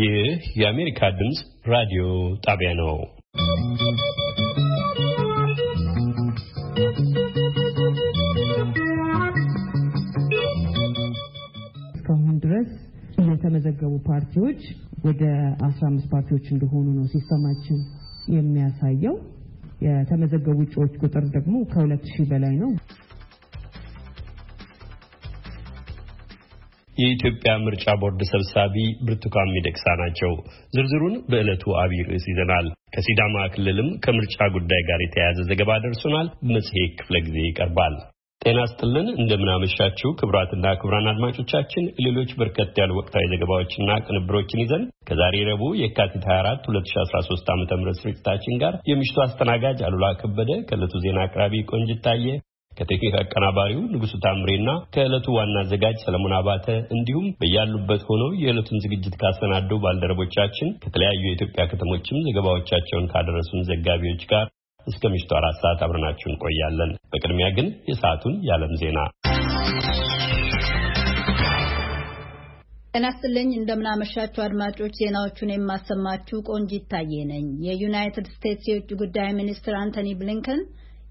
ይህ የአሜሪካ ድምፅ ራዲዮ ጣቢያ ነው። እስካሁን ድረስ የተመዘገቡ ፓርቲዎች ወደ አምስት ፓርቲዎች እንደሆኑ ነው ሲስተማችን የሚያሳየው። የተመዘገቡ እጩዎች ቁጥር ደግሞ ከሁለት ሺህ በላይ ነው። የኢትዮጵያ ምርጫ ቦርድ ሰብሳቢ ብርቱካን ሚደቅሳ ናቸው። ዝርዝሩን በዕለቱ አብይ ርዕስ ይዘናል። ከሲዳማ ክልልም ከምርጫ ጉዳይ ጋር የተያያዘ ዘገባ ደርሶናል። መጽሔት ክፍለ ጊዜ ይቀርባል። ጤና ስጥልን እንደምናመሻችሁ ክቡራትና ክቡራን አድማጮቻችን ሌሎች በርከት ያሉ ወቅታዊ ዘገባዎችና ቅንብሮችን ይዘን ከዛሬ ረቡዕ የካቲት 24 2013 ዓ ም ስርጭታችን ጋር የምሽቱ አስተናጋጅ አሉላ ከበደ ከእለቱ ዜና አቅራቢ ቆንጅታየ ከቴክኒክ አቀናባሪው ንጉሱ ታምሬና ከዕለቱ ዋና አዘጋጅ ሰለሞን አባተ እንዲሁም በያሉበት ሆነው የዕለቱን ዝግጅት ካሰናዱ ባልደረቦቻችን ከተለያዩ የኢትዮጵያ ከተሞችም ዘገባዎቻቸውን ካደረሱን ዘጋቢዎች ጋር እስከ ምሽቱ አራት ሰዓት አብረናችሁ እንቆያለን። በቅድሚያ ግን የሰዓቱን የዓለም ዜና ጤና ይስጥልኝ። እንደምናመሻችሁ አድማጮች፣ ዜናዎቹን የማሰማችሁ ቆንጂት ታዬ ነኝ። የዩናይትድ ስቴትስ የውጭ ጉዳይ ሚኒስትር አንቶኒ ብሊንከን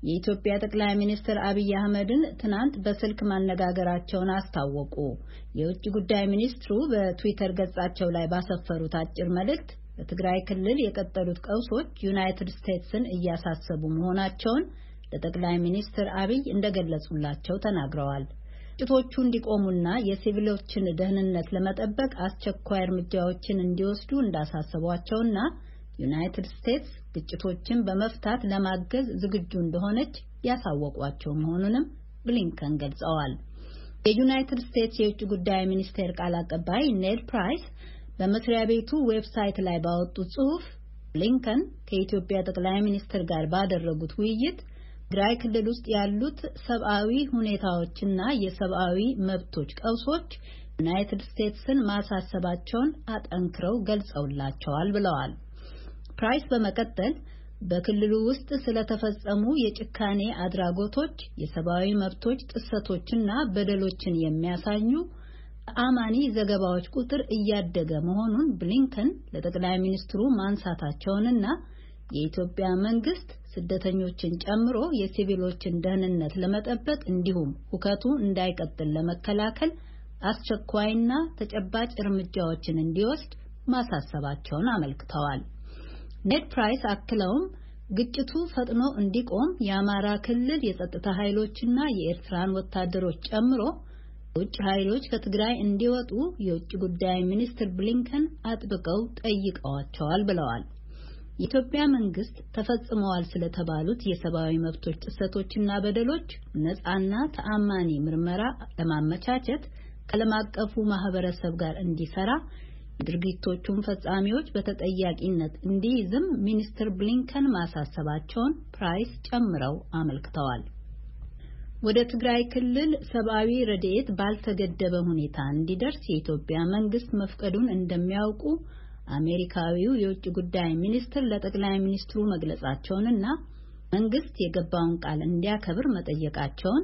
የኢትዮጵያ ጠቅላይ ሚኒስትር አብይ አህመድን ትናንት በስልክ ማነጋገራቸውን አስታወቁ። የውጭ ጉዳይ ሚኒስትሩ በትዊተር ገጻቸው ላይ ባሰፈሩት አጭር መልእክት በትግራይ ክልል የቀጠሉት ቀውሶች ዩናይትድ ስቴትስን እያሳሰቡ መሆናቸውን ለጠቅላይ ሚኒስትር አብይ እንደገለጹላቸው ተናግረዋል። ግጭቶቹ እንዲቆሙና የሲቪሎችን ደህንነት ለመጠበቅ አስቸኳይ እርምጃዎችን እንዲወስዱ እንዳሳሰቧቸውና ዩናይትድ ስቴትስ ግጭቶችን በመፍታት ለማገዝ ዝግጁ እንደሆነች ያሳወቋቸው መሆኑንም ብሊንከን ገልጸዋል። የዩናይትድ ስቴትስ የውጭ ጉዳይ ሚኒስቴር ቃል አቀባይ ኔድ ፕራይስ በመስሪያ ቤቱ ዌብሳይት ላይ ባወጡት ጽሑፍ ብሊንከን ከኢትዮጵያ ጠቅላይ ሚኒስትር ጋር ባደረጉት ውይይት ትግራይ ክልል ውስጥ ያሉት ሰብአዊ ሁኔታዎችና የሰብአዊ መብቶች ቀውሶች ዩናይትድ ስቴትስን ማሳሰባቸውን አጠንክረው ገልጸውላቸዋል ብለዋል። ፕራይስ በመቀጠል በክልሉ ውስጥ ስለተፈጸሙ የጭካኔ አድራጎቶች፣ የሰብአዊ መብቶች ጥሰቶችና በደሎችን የሚያሳዩ አማኒ ዘገባዎች ቁጥር እያደገ መሆኑን ብሊንከን ለጠቅላይ ሚኒስትሩ ማንሳታቸውንና የኢትዮጵያ መንግስት ስደተኞችን ጨምሮ የሲቪሎችን ደህንነት ለመጠበቅ እንዲሁም ሁከቱ እንዳይቀጥል ለመከላከል አስቸኳይና ተጨባጭ እርምጃዎችን እንዲወስድ ማሳሰባቸውን አመልክተዋል። ኔድ ፕራይስ አክለውም ግጭቱ ፈጥኖ እንዲቆም የአማራ ክልል የጸጥታ ኃይሎችና የኤርትራን ወታደሮች ጨምሮ ውጭ ኃይሎች ከትግራይ እንዲወጡ የውጭ ጉዳይ ሚኒስትር ብሊንከን አጥብቀው ጠይቀዋቸዋል ብለዋል። የኢትዮጵያ መንግስት ተፈጽመዋል ስለተባሉት የሰብአዊ መብቶች ጥሰቶችና በደሎች ነጻና ተአማኒ ምርመራ ለማመቻቸት ከዓለም አቀፉ ማህበረሰብ ጋር እንዲሰራ ድርጊቶቹን ፈጻሚዎች በተጠያቂነት እንዲይዝም ሚኒስትር ብሊንከን ማሳሰባቸውን ፕራይስ ጨምረው አመልክተዋል። ወደ ትግራይ ክልል ሰብአዊ ረድኤት ባልተገደበ ሁኔታ እንዲደርስ የኢትዮጵያ መንግስት መፍቀዱን እንደሚያውቁ አሜሪካዊው የውጭ ጉዳይ ሚኒስትር ለጠቅላይ ሚኒስትሩ መግለጻቸውንና መንግስት የገባውን ቃል እንዲያከብር መጠየቃቸውን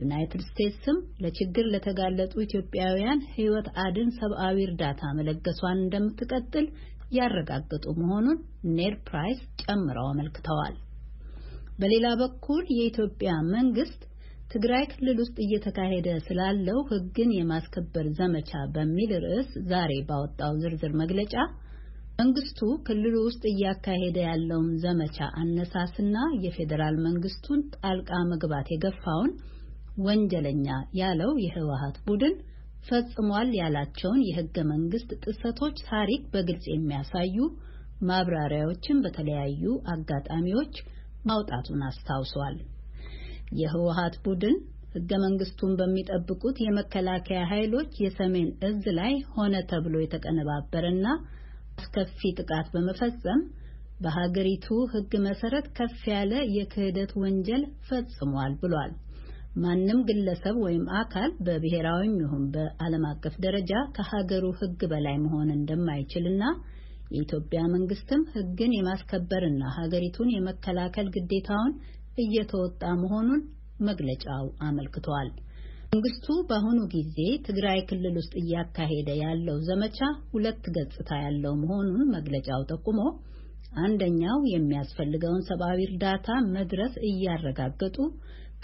ዩናይትድ ስቴትስም ለችግር ለተጋለጡ ኢትዮጵያውያን ሕይወት አድን ሰብአዊ እርዳታ መለገሷን እንደምትቀጥል ያረጋገጡ መሆኑን ኔድ ፕራይስ ጨምረው አመልክተዋል። በሌላ በኩል የኢትዮጵያ መንግስት ትግራይ ክልል ውስጥ እየተካሄደ ስላለው ሕግን የማስከበር ዘመቻ በሚል ርዕስ ዛሬ ባወጣው ዝርዝር መግለጫ መንግስቱ ክልሉ ውስጥ እያካሄደ ያለውን ዘመቻ አነሳስና የፌዴራል መንግስቱን ጣልቃ መግባት የገፋውን ወንጀለኛ ያለው የህወሀት ቡድን ፈጽሟል ያላቸውን የህገ መንግስት ጥሰቶች ታሪክ በግልጽ የሚያሳዩ ማብራሪያዎችን በተለያዩ አጋጣሚዎች ማውጣቱን አስታውሷል። የህወሀት ቡድን ህገ መንግስቱን በሚጠብቁት የመከላከያ ኃይሎች የሰሜን እዝ ላይ ሆነ ተብሎ የተቀነባበረና አስከፊ ጥቃት በመፈጸም በሀገሪቱ ህግ መሰረት ከፍ ያለ የክህደት ወንጀል ፈጽሟል ብሏል። ማንም ግለሰብ ወይም አካል በብሔራዊም ይሁን በዓለም አቀፍ ደረጃ ከሀገሩ ሕግ በላይ መሆን እንደማይችልና የኢትዮጵያ መንግስትም ሕግን የማስከበርና ሀገሪቱን የመከላከል ግዴታውን እየተወጣ መሆኑን መግለጫው አመልክቷል። መንግስቱ በአሁኑ ጊዜ ትግራይ ክልል ውስጥ እያካሄደ ያለው ዘመቻ ሁለት ገጽታ ያለው መሆኑን መግለጫው ጠቁሞ አንደኛው የሚያስፈልገውን ሰብአዊ እርዳታ መድረስ እያረጋገጡ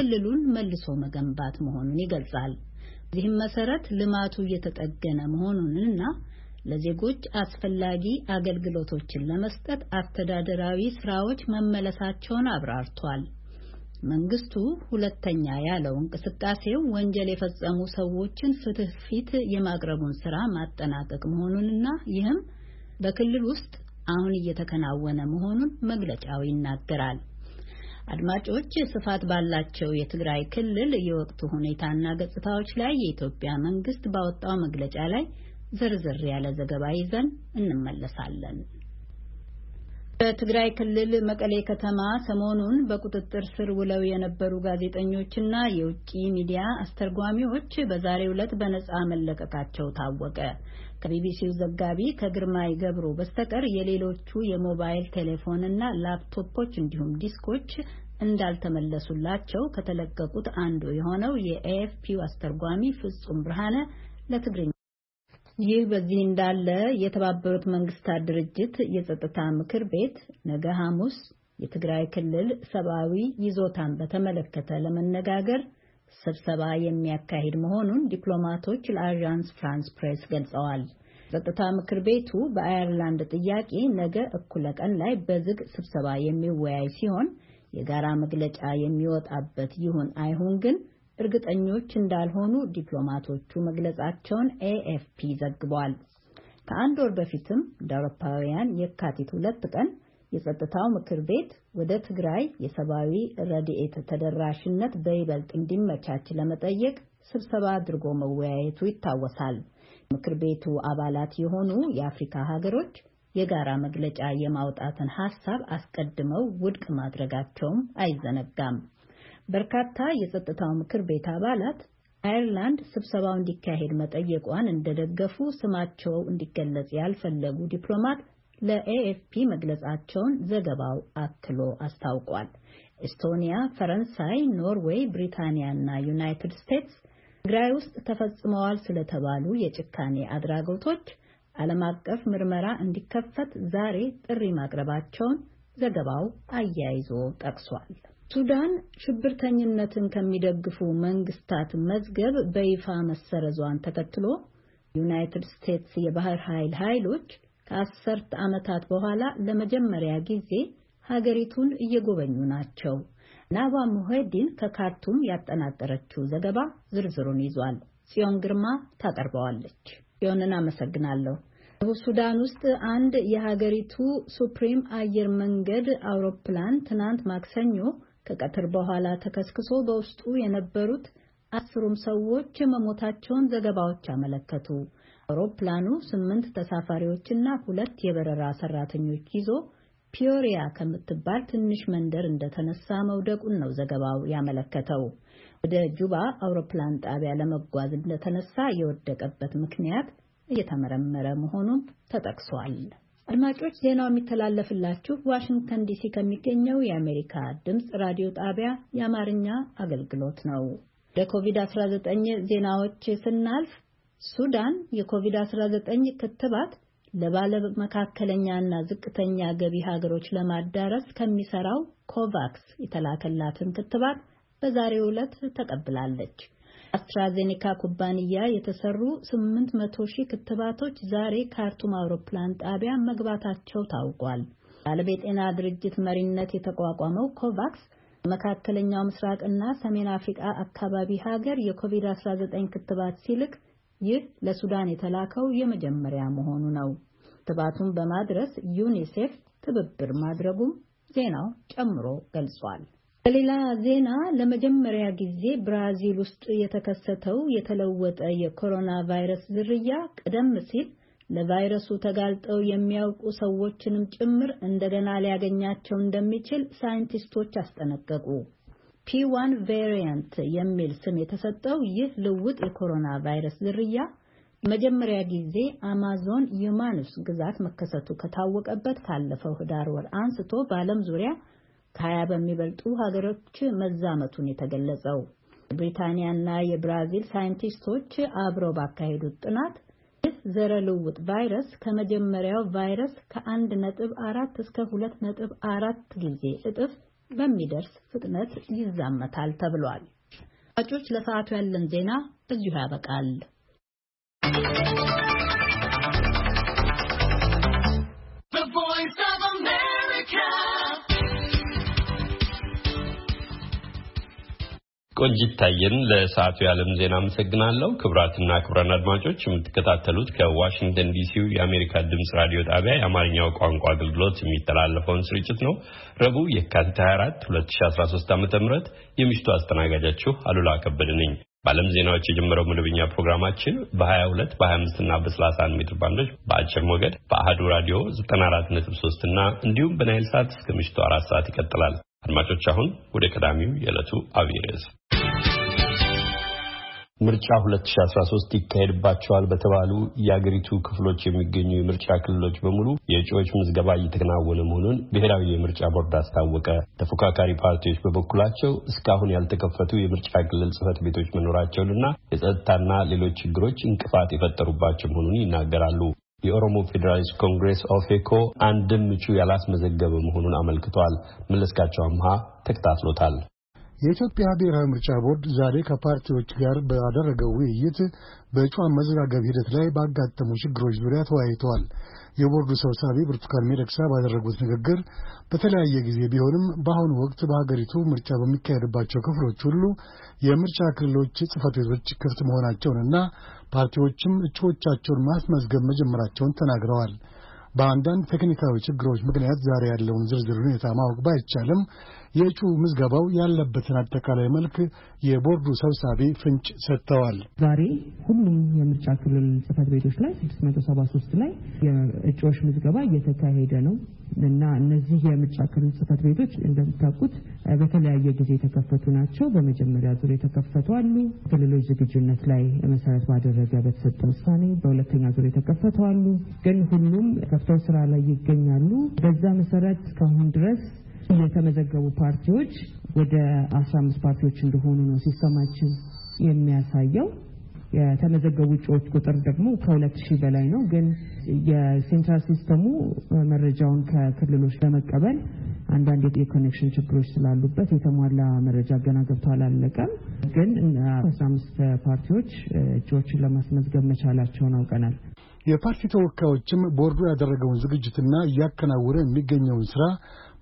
ክልሉን መልሶ መገንባት መሆኑን ይገልጻል። በዚህም መሰረት ልማቱ እየተጠገነ መሆኑንና ለዜጎች አስፈላጊ አገልግሎቶችን ለመስጠት አስተዳደራዊ ስራዎች መመለሳቸውን አብራርቷል። መንግስቱ ሁለተኛ ያለው እንቅስቃሴው ወንጀል የፈጸሙ ሰዎችን ፍትህ ፊት የማቅረቡን ስራ ማጠናቀቅ መሆኑንና ይህም በክልል ውስጥ አሁን እየተከናወነ መሆኑን መግለጫው ይናገራል። አድማጮች፣ ስፋት ባላቸው የትግራይ ክልል የወቅቱ ሁኔታና ገጽታዎች ላይ የኢትዮጵያ መንግስት ባወጣው መግለጫ ላይ ዝርዝር ያለ ዘገባ ይዘን እንመለሳለን። በትግራይ ክልል መቀሌ ከተማ ሰሞኑን በቁጥጥር ስር ውለው የነበሩ ጋዜጠኞችና የውጭ ሚዲያ አስተርጓሚዎች በዛሬው ዕለት በነጻ መለቀቃቸው ታወቀ። ከቢቢሲው ዘጋቢ ከግርማይ ገብሩ በስተቀር የሌሎቹ የሞባይል ቴሌፎንና ላፕቶፖች እንዲሁም ዲስኮች እንዳልተመለሱላቸው ከተለቀቁት አንዱ የሆነው የኤኤፍፒው አስተርጓሚ ፍጹም ብርሃነ ለትግርኛ ይህ በዚህ እንዳለ የተባበሩት መንግስታት ድርጅት የጸጥታ ምክር ቤት ነገ ሐሙስ የትግራይ ክልል ሰብአዊ ይዞታን በተመለከተ ለመነጋገር ስብሰባ የሚያካሂድ መሆኑን ዲፕሎማቶች ለአዣንስ ፍራንስ ፕሬስ ገልጸዋል። ጸጥታ ምክር ቤቱ በአየርላንድ ጥያቄ ነገ እኩለ ቀን ላይ በዝግ ስብሰባ የሚወያይ ሲሆን የጋራ መግለጫ የሚወጣበት ይሁን አይሁን ግን እርግጠኞች እንዳልሆኑ ዲፕሎማቶቹ መግለጻቸውን ኤኤፍፒ ዘግቧል። ከአንድ ወር በፊትም እንደ አውሮፓውያን የካቲት ሁለት ቀን የጸጥታው ምክር ቤት ወደ ትግራይ የሰብአዊ ረድኤት ተደራሽነት በይበልጥ እንዲመቻች ለመጠየቅ ስብሰባ አድርጎ መወያየቱ ይታወሳል። ምክር ቤቱ አባላት የሆኑ የአፍሪካ ሀገሮች የጋራ መግለጫ የማውጣትን ሀሳብ አስቀድመው ውድቅ ማድረጋቸውም አይዘነጋም። በርካታ የጸጥታው ምክር ቤት አባላት አይርላንድ ስብሰባው እንዲካሄድ መጠየቋን እንደደገፉ ስማቸው እንዲገለጽ ያልፈለጉ ዲፕሎማት ለኤኤፍፒ መግለጻቸውን ዘገባው አክሎ አስታውቋል። ኤስቶኒያ፣ ፈረንሳይ፣ ኖርዌይ፣ ብሪታንያ እና ዩናይትድ ስቴትስ ትግራይ ውስጥ ተፈጽመዋል ስለተባሉ የጭካኔ አድራጎቶች ዓለም አቀፍ ምርመራ እንዲከፈት ዛሬ ጥሪ ማቅረባቸውን ዘገባው አያይዞ ጠቅሷል። ሱዳን ሽብርተኝነትን ከሚደግፉ መንግስታት መዝገብ በይፋ መሰረዟን ተከትሎ ዩናይትድ ስቴትስ የባህር ኃይል ኃይሎች ከአስርት ዓመታት በኋላ ለመጀመሪያ ጊዜ ሀገሪቱን እየጎበኙ ናቸው። ናባ ሙሄዲን ከካርቱም ያጠናቀረችው ዘገባ ዝርዝሩን ይዟል። ጽዮን ግርማ ታቀርበዋለች። ጽዮንን አመሰግናለሁ። ደቡብ ሱዳን ውስጥ አንድ የሀገሪቱ ሱፕሪም አየር መንገድ አውሮፕላን ትናንት ማክሰኞ ከቀትር በኋላ ተከስክሶ በውስጡ የነበሩት አስሩም ሰዎች የመሞታቸውን ዘገባዎች አመለከቱ። አውሮፕላኑ ስምንት ተሳፋሪዎችና ሁለት የበረራ ሰራተኞች ይዞ ፒዮሪያ ከምትባል ትንሽ መንደር እንደተነሳ መውደቁን ነው ዘገባው ያመለከተው። ወደ ጁባ አውሮፕላን ጣቢያ ለመጓዝ እንደተነሳ የወደቀበት ምክንያት እየተመረመረ መሆኑም ተጠቅሷል። አድማጮች ዜናው የሚተላለፍላችሁ ዋሽንግተን ዲሲ ከሚገኘው የአሜሪካ ድምፅ ራዲዮ ጣቢያ የአማርኛ አገልግሎት ነው። ወደ ኮቪድ-19 ዜናዎች ስናልፍ ሱዳን የኮቪድ-19 ክትባት ለባለመካከለኛና ዝቅተኛ ገቢ ሀገሮች ለማዳረስ ከሚሰራው ኮቫክስ የተላከላትን ክትባት በዛሬው ዕለት ተቀብላለች። በአስትራዜኔካ ኩባንያ የተሰሩ 800 ሺህ ክትባቶች ዛሬ ካርቱም አውሮፕላን ጣቢያ መግባታቸው ታውቋል። በዓለም የጤና ድርጅት መሪነት የተቋቋመው ኮቫክስ መካከለኛው ምስራቅ እና ሰሜን አፍሪቃ አካባቢ ሀገር የኮቪድ-19 ክትባት ሲልክ ይህ ለሱዳን የተላከው የመጀመሪያ መሆኑ ነው። ክትባቱን በማድረስ ዩኒሴፍ ትብብር ማድረጉም ዜናው ጨምሮ ገልጿል። በሌላ ዜና ለመጀመሪያ ጊዜ ብራዚል ውስጥ የተከሰተው የተለወጠ የኮሮና ቫይረስ ዝርያ ቀደም ሲል ለቫይረሱ ተጋልጠው የሚያውቁ ሰዎችንም ጭምር እንደገና ሊያገኛቸው እንደሚችል ሳይንቲስቶች አስጠነቀቁ። ፒዋን ቬሪያንት የሚል ስም የተሰጠው ይህ ልውጥ የኮሮና ቫይረስ ዝርያ መጀመሪያ ጊዜ አማዞን ዩማኑስ ግዛት መከሰቱ ከታወቀበት ካለፈው ህዳር ወር አንስቶ በዓለም ዙሪያ ከሀያ በሚበልጡ ሀገሮች መዛመቱን የተገለጸው የብሪታንያና የብራዚል ሳይንቲስቶች አብረው ባካሄዱት ጥናት ይህ ዘረ ልውጥ ቫይረስ ከመጀመሪያው ቫይረስ ከአንድ ነጥብ አራት እስከ ሁለት ነጥብ አራት ጊዜ እጥፍ በሚደርስ ፍጥነት ይዛመታል ተብሏል። አድማጮች ለሰዓቱ ያለን ዜና እዚሁ ያበቃል። ቆንጂት ታየን ለሰዓቱ የዓለም ዜና አመሰግናለሁ። ክቡራትና ክቡራን አድማጮች የምትከታተሉት ከዋሽንግተን ዲሲው የአሜሪካ ድምፅ ራዲዮ ጣቢያ የአማርኛው ቋንቋ አገልግሎት የሚተላለፈውን ስርጭት ነው። ረቡዕ የካቲት 24 2013 ዓ.ም የምሽቱ አስተናጋጃችሁ አሉላ ከበደ ነኝ። በዓለም ዜናዎች የጀመረው መደበኛ ፕሮግራማችን በ22 በ25 እና በ31 ሜትር ባንዶች በአጭር ሞገድ በአህዱ ራዲዮ 943 እና እንዲሁም በናይል ሰዓት እስከ ምሽቱ አራት ሰዓት ይቀጥላል። አድማጮች አሁን ወደ ቀዳሚው የዕለቱ አብይ ርዕስ ምርጫ 2013 ይካሄድባቸዋል በተባሉ የአገሪቱ ክፍሎች የሚገኙ የምርጫ ክልሎች በሙሉ የእጩዎች ምዝገባ እየተከናወነ መሆኑን ብሔራዊ የምርጫ ቦርድ አስታወቀ። ተፎካካሪ ፓርቲዎች በበኩላቸው እስካሁን ያልተከፈቱ የምርጫ ክልል ጽህፈት ቤቶች መኖራቸውንና የጸጥታና ሌሎች ችግሮች እንቅፋት የፈጠሩባቸው መሆኑን ይናገራሉ። የኦሮሞ ፌዴራሊስት ኮንግሬስ ኦፌኮ አንድም እጩ ያላስመዘገበ መሆኑን አመልክቷል። መለስካቸው አምሃ ተከታትሎታል። የኢትዮጵያ ብሔራዊ ምርጫ ቦርድ ዛሬ ከፓርቲዎች ጋር ባደረገው ውይይት በእጩ አመዘጋገብ ሂደት ላይ ባጋጠሙ ችግሮች ዙሪያ ተወያይተዋል። የቦርዱ ሰብሳቢ ብርቱካን ሚደቅሳ ባደረጉት ንግግር በተለያየ ጊዜ ቢሆንም በአሁኑ ወቅት በሀገሪቱ ምርጫ በሚካሄድባቸው ክፍሎች ሁሉ የምርጫ ክልሎች ጽህፈት ቤቶች ክፍት መሆናቸውንና ፓርቲዎችም እጩዎቻቸውን ማስመዝገብ መጀመራቸውን ተናግረዋል። በአንዳንድ ቴክኒካዊ ችግሮች ምክንያት ዛሬ ያለውን ዝርዝር ሁኔታ ማወቅ ባይቻልም የእጩ ምዝገባው ያለበትን አጠቃላይ መልክ የቦርዱ ሰብሳቢ ፍንጭ ሰጥተዋል። ዛሬ ሁሉም የምርጫ ክልል ጽህፈት ቤቶች ላይ 673 ላይ የእጩዎች ምዝገባ እየተካሄደ ነው እና እነዚህ የምርጫ ክልል ጽህፈት ቤቶች እንደምታውቁት በተለያየ ጊዜ የተከፈቱ ናቸው። በመጀመሪያ ዙር የተከፈቱ አሉ፣ ክልሎች ዝግጁነት ላይ መሰረት ባደረገ በተሰጠ ውሳኔ። በሁለተኛ ዙር የተከፈቱ አሉ፣ ግን ሁሉም ከፍተው ስራ ላይ ይገኛሉ። በዛ መሰረት እስካሁን ድረስ የተመዘገቡ ፓርቲዎች ወደ አስራ አምስት ፓርቲዎች እንደሆኑ ነው ሲስተማችን የሚያሳየው። የተመዘገቡ እጩዎች ቁጥር ደግሞ ከሁለት ሺህ በላይ ነው። ግን የሴንትራል ሲስተሙ መረጃውን ከክልሎች ለመቀበል አንዳንድ የኮኔክሽን ችግሮች ስላሉበት የተሟላ መረጃ ገና ገብቶ አላለቀም። ግን አስራ አምስት ፓርቲዎች እጩዎችን ለማስመዝገብ መቻላቸውን አውቀናል። የፓርቲ ተወካዮችም ቦርዱ ያደረገውን ዝግጅትና እያከናወነ የሚገኘውን ስራ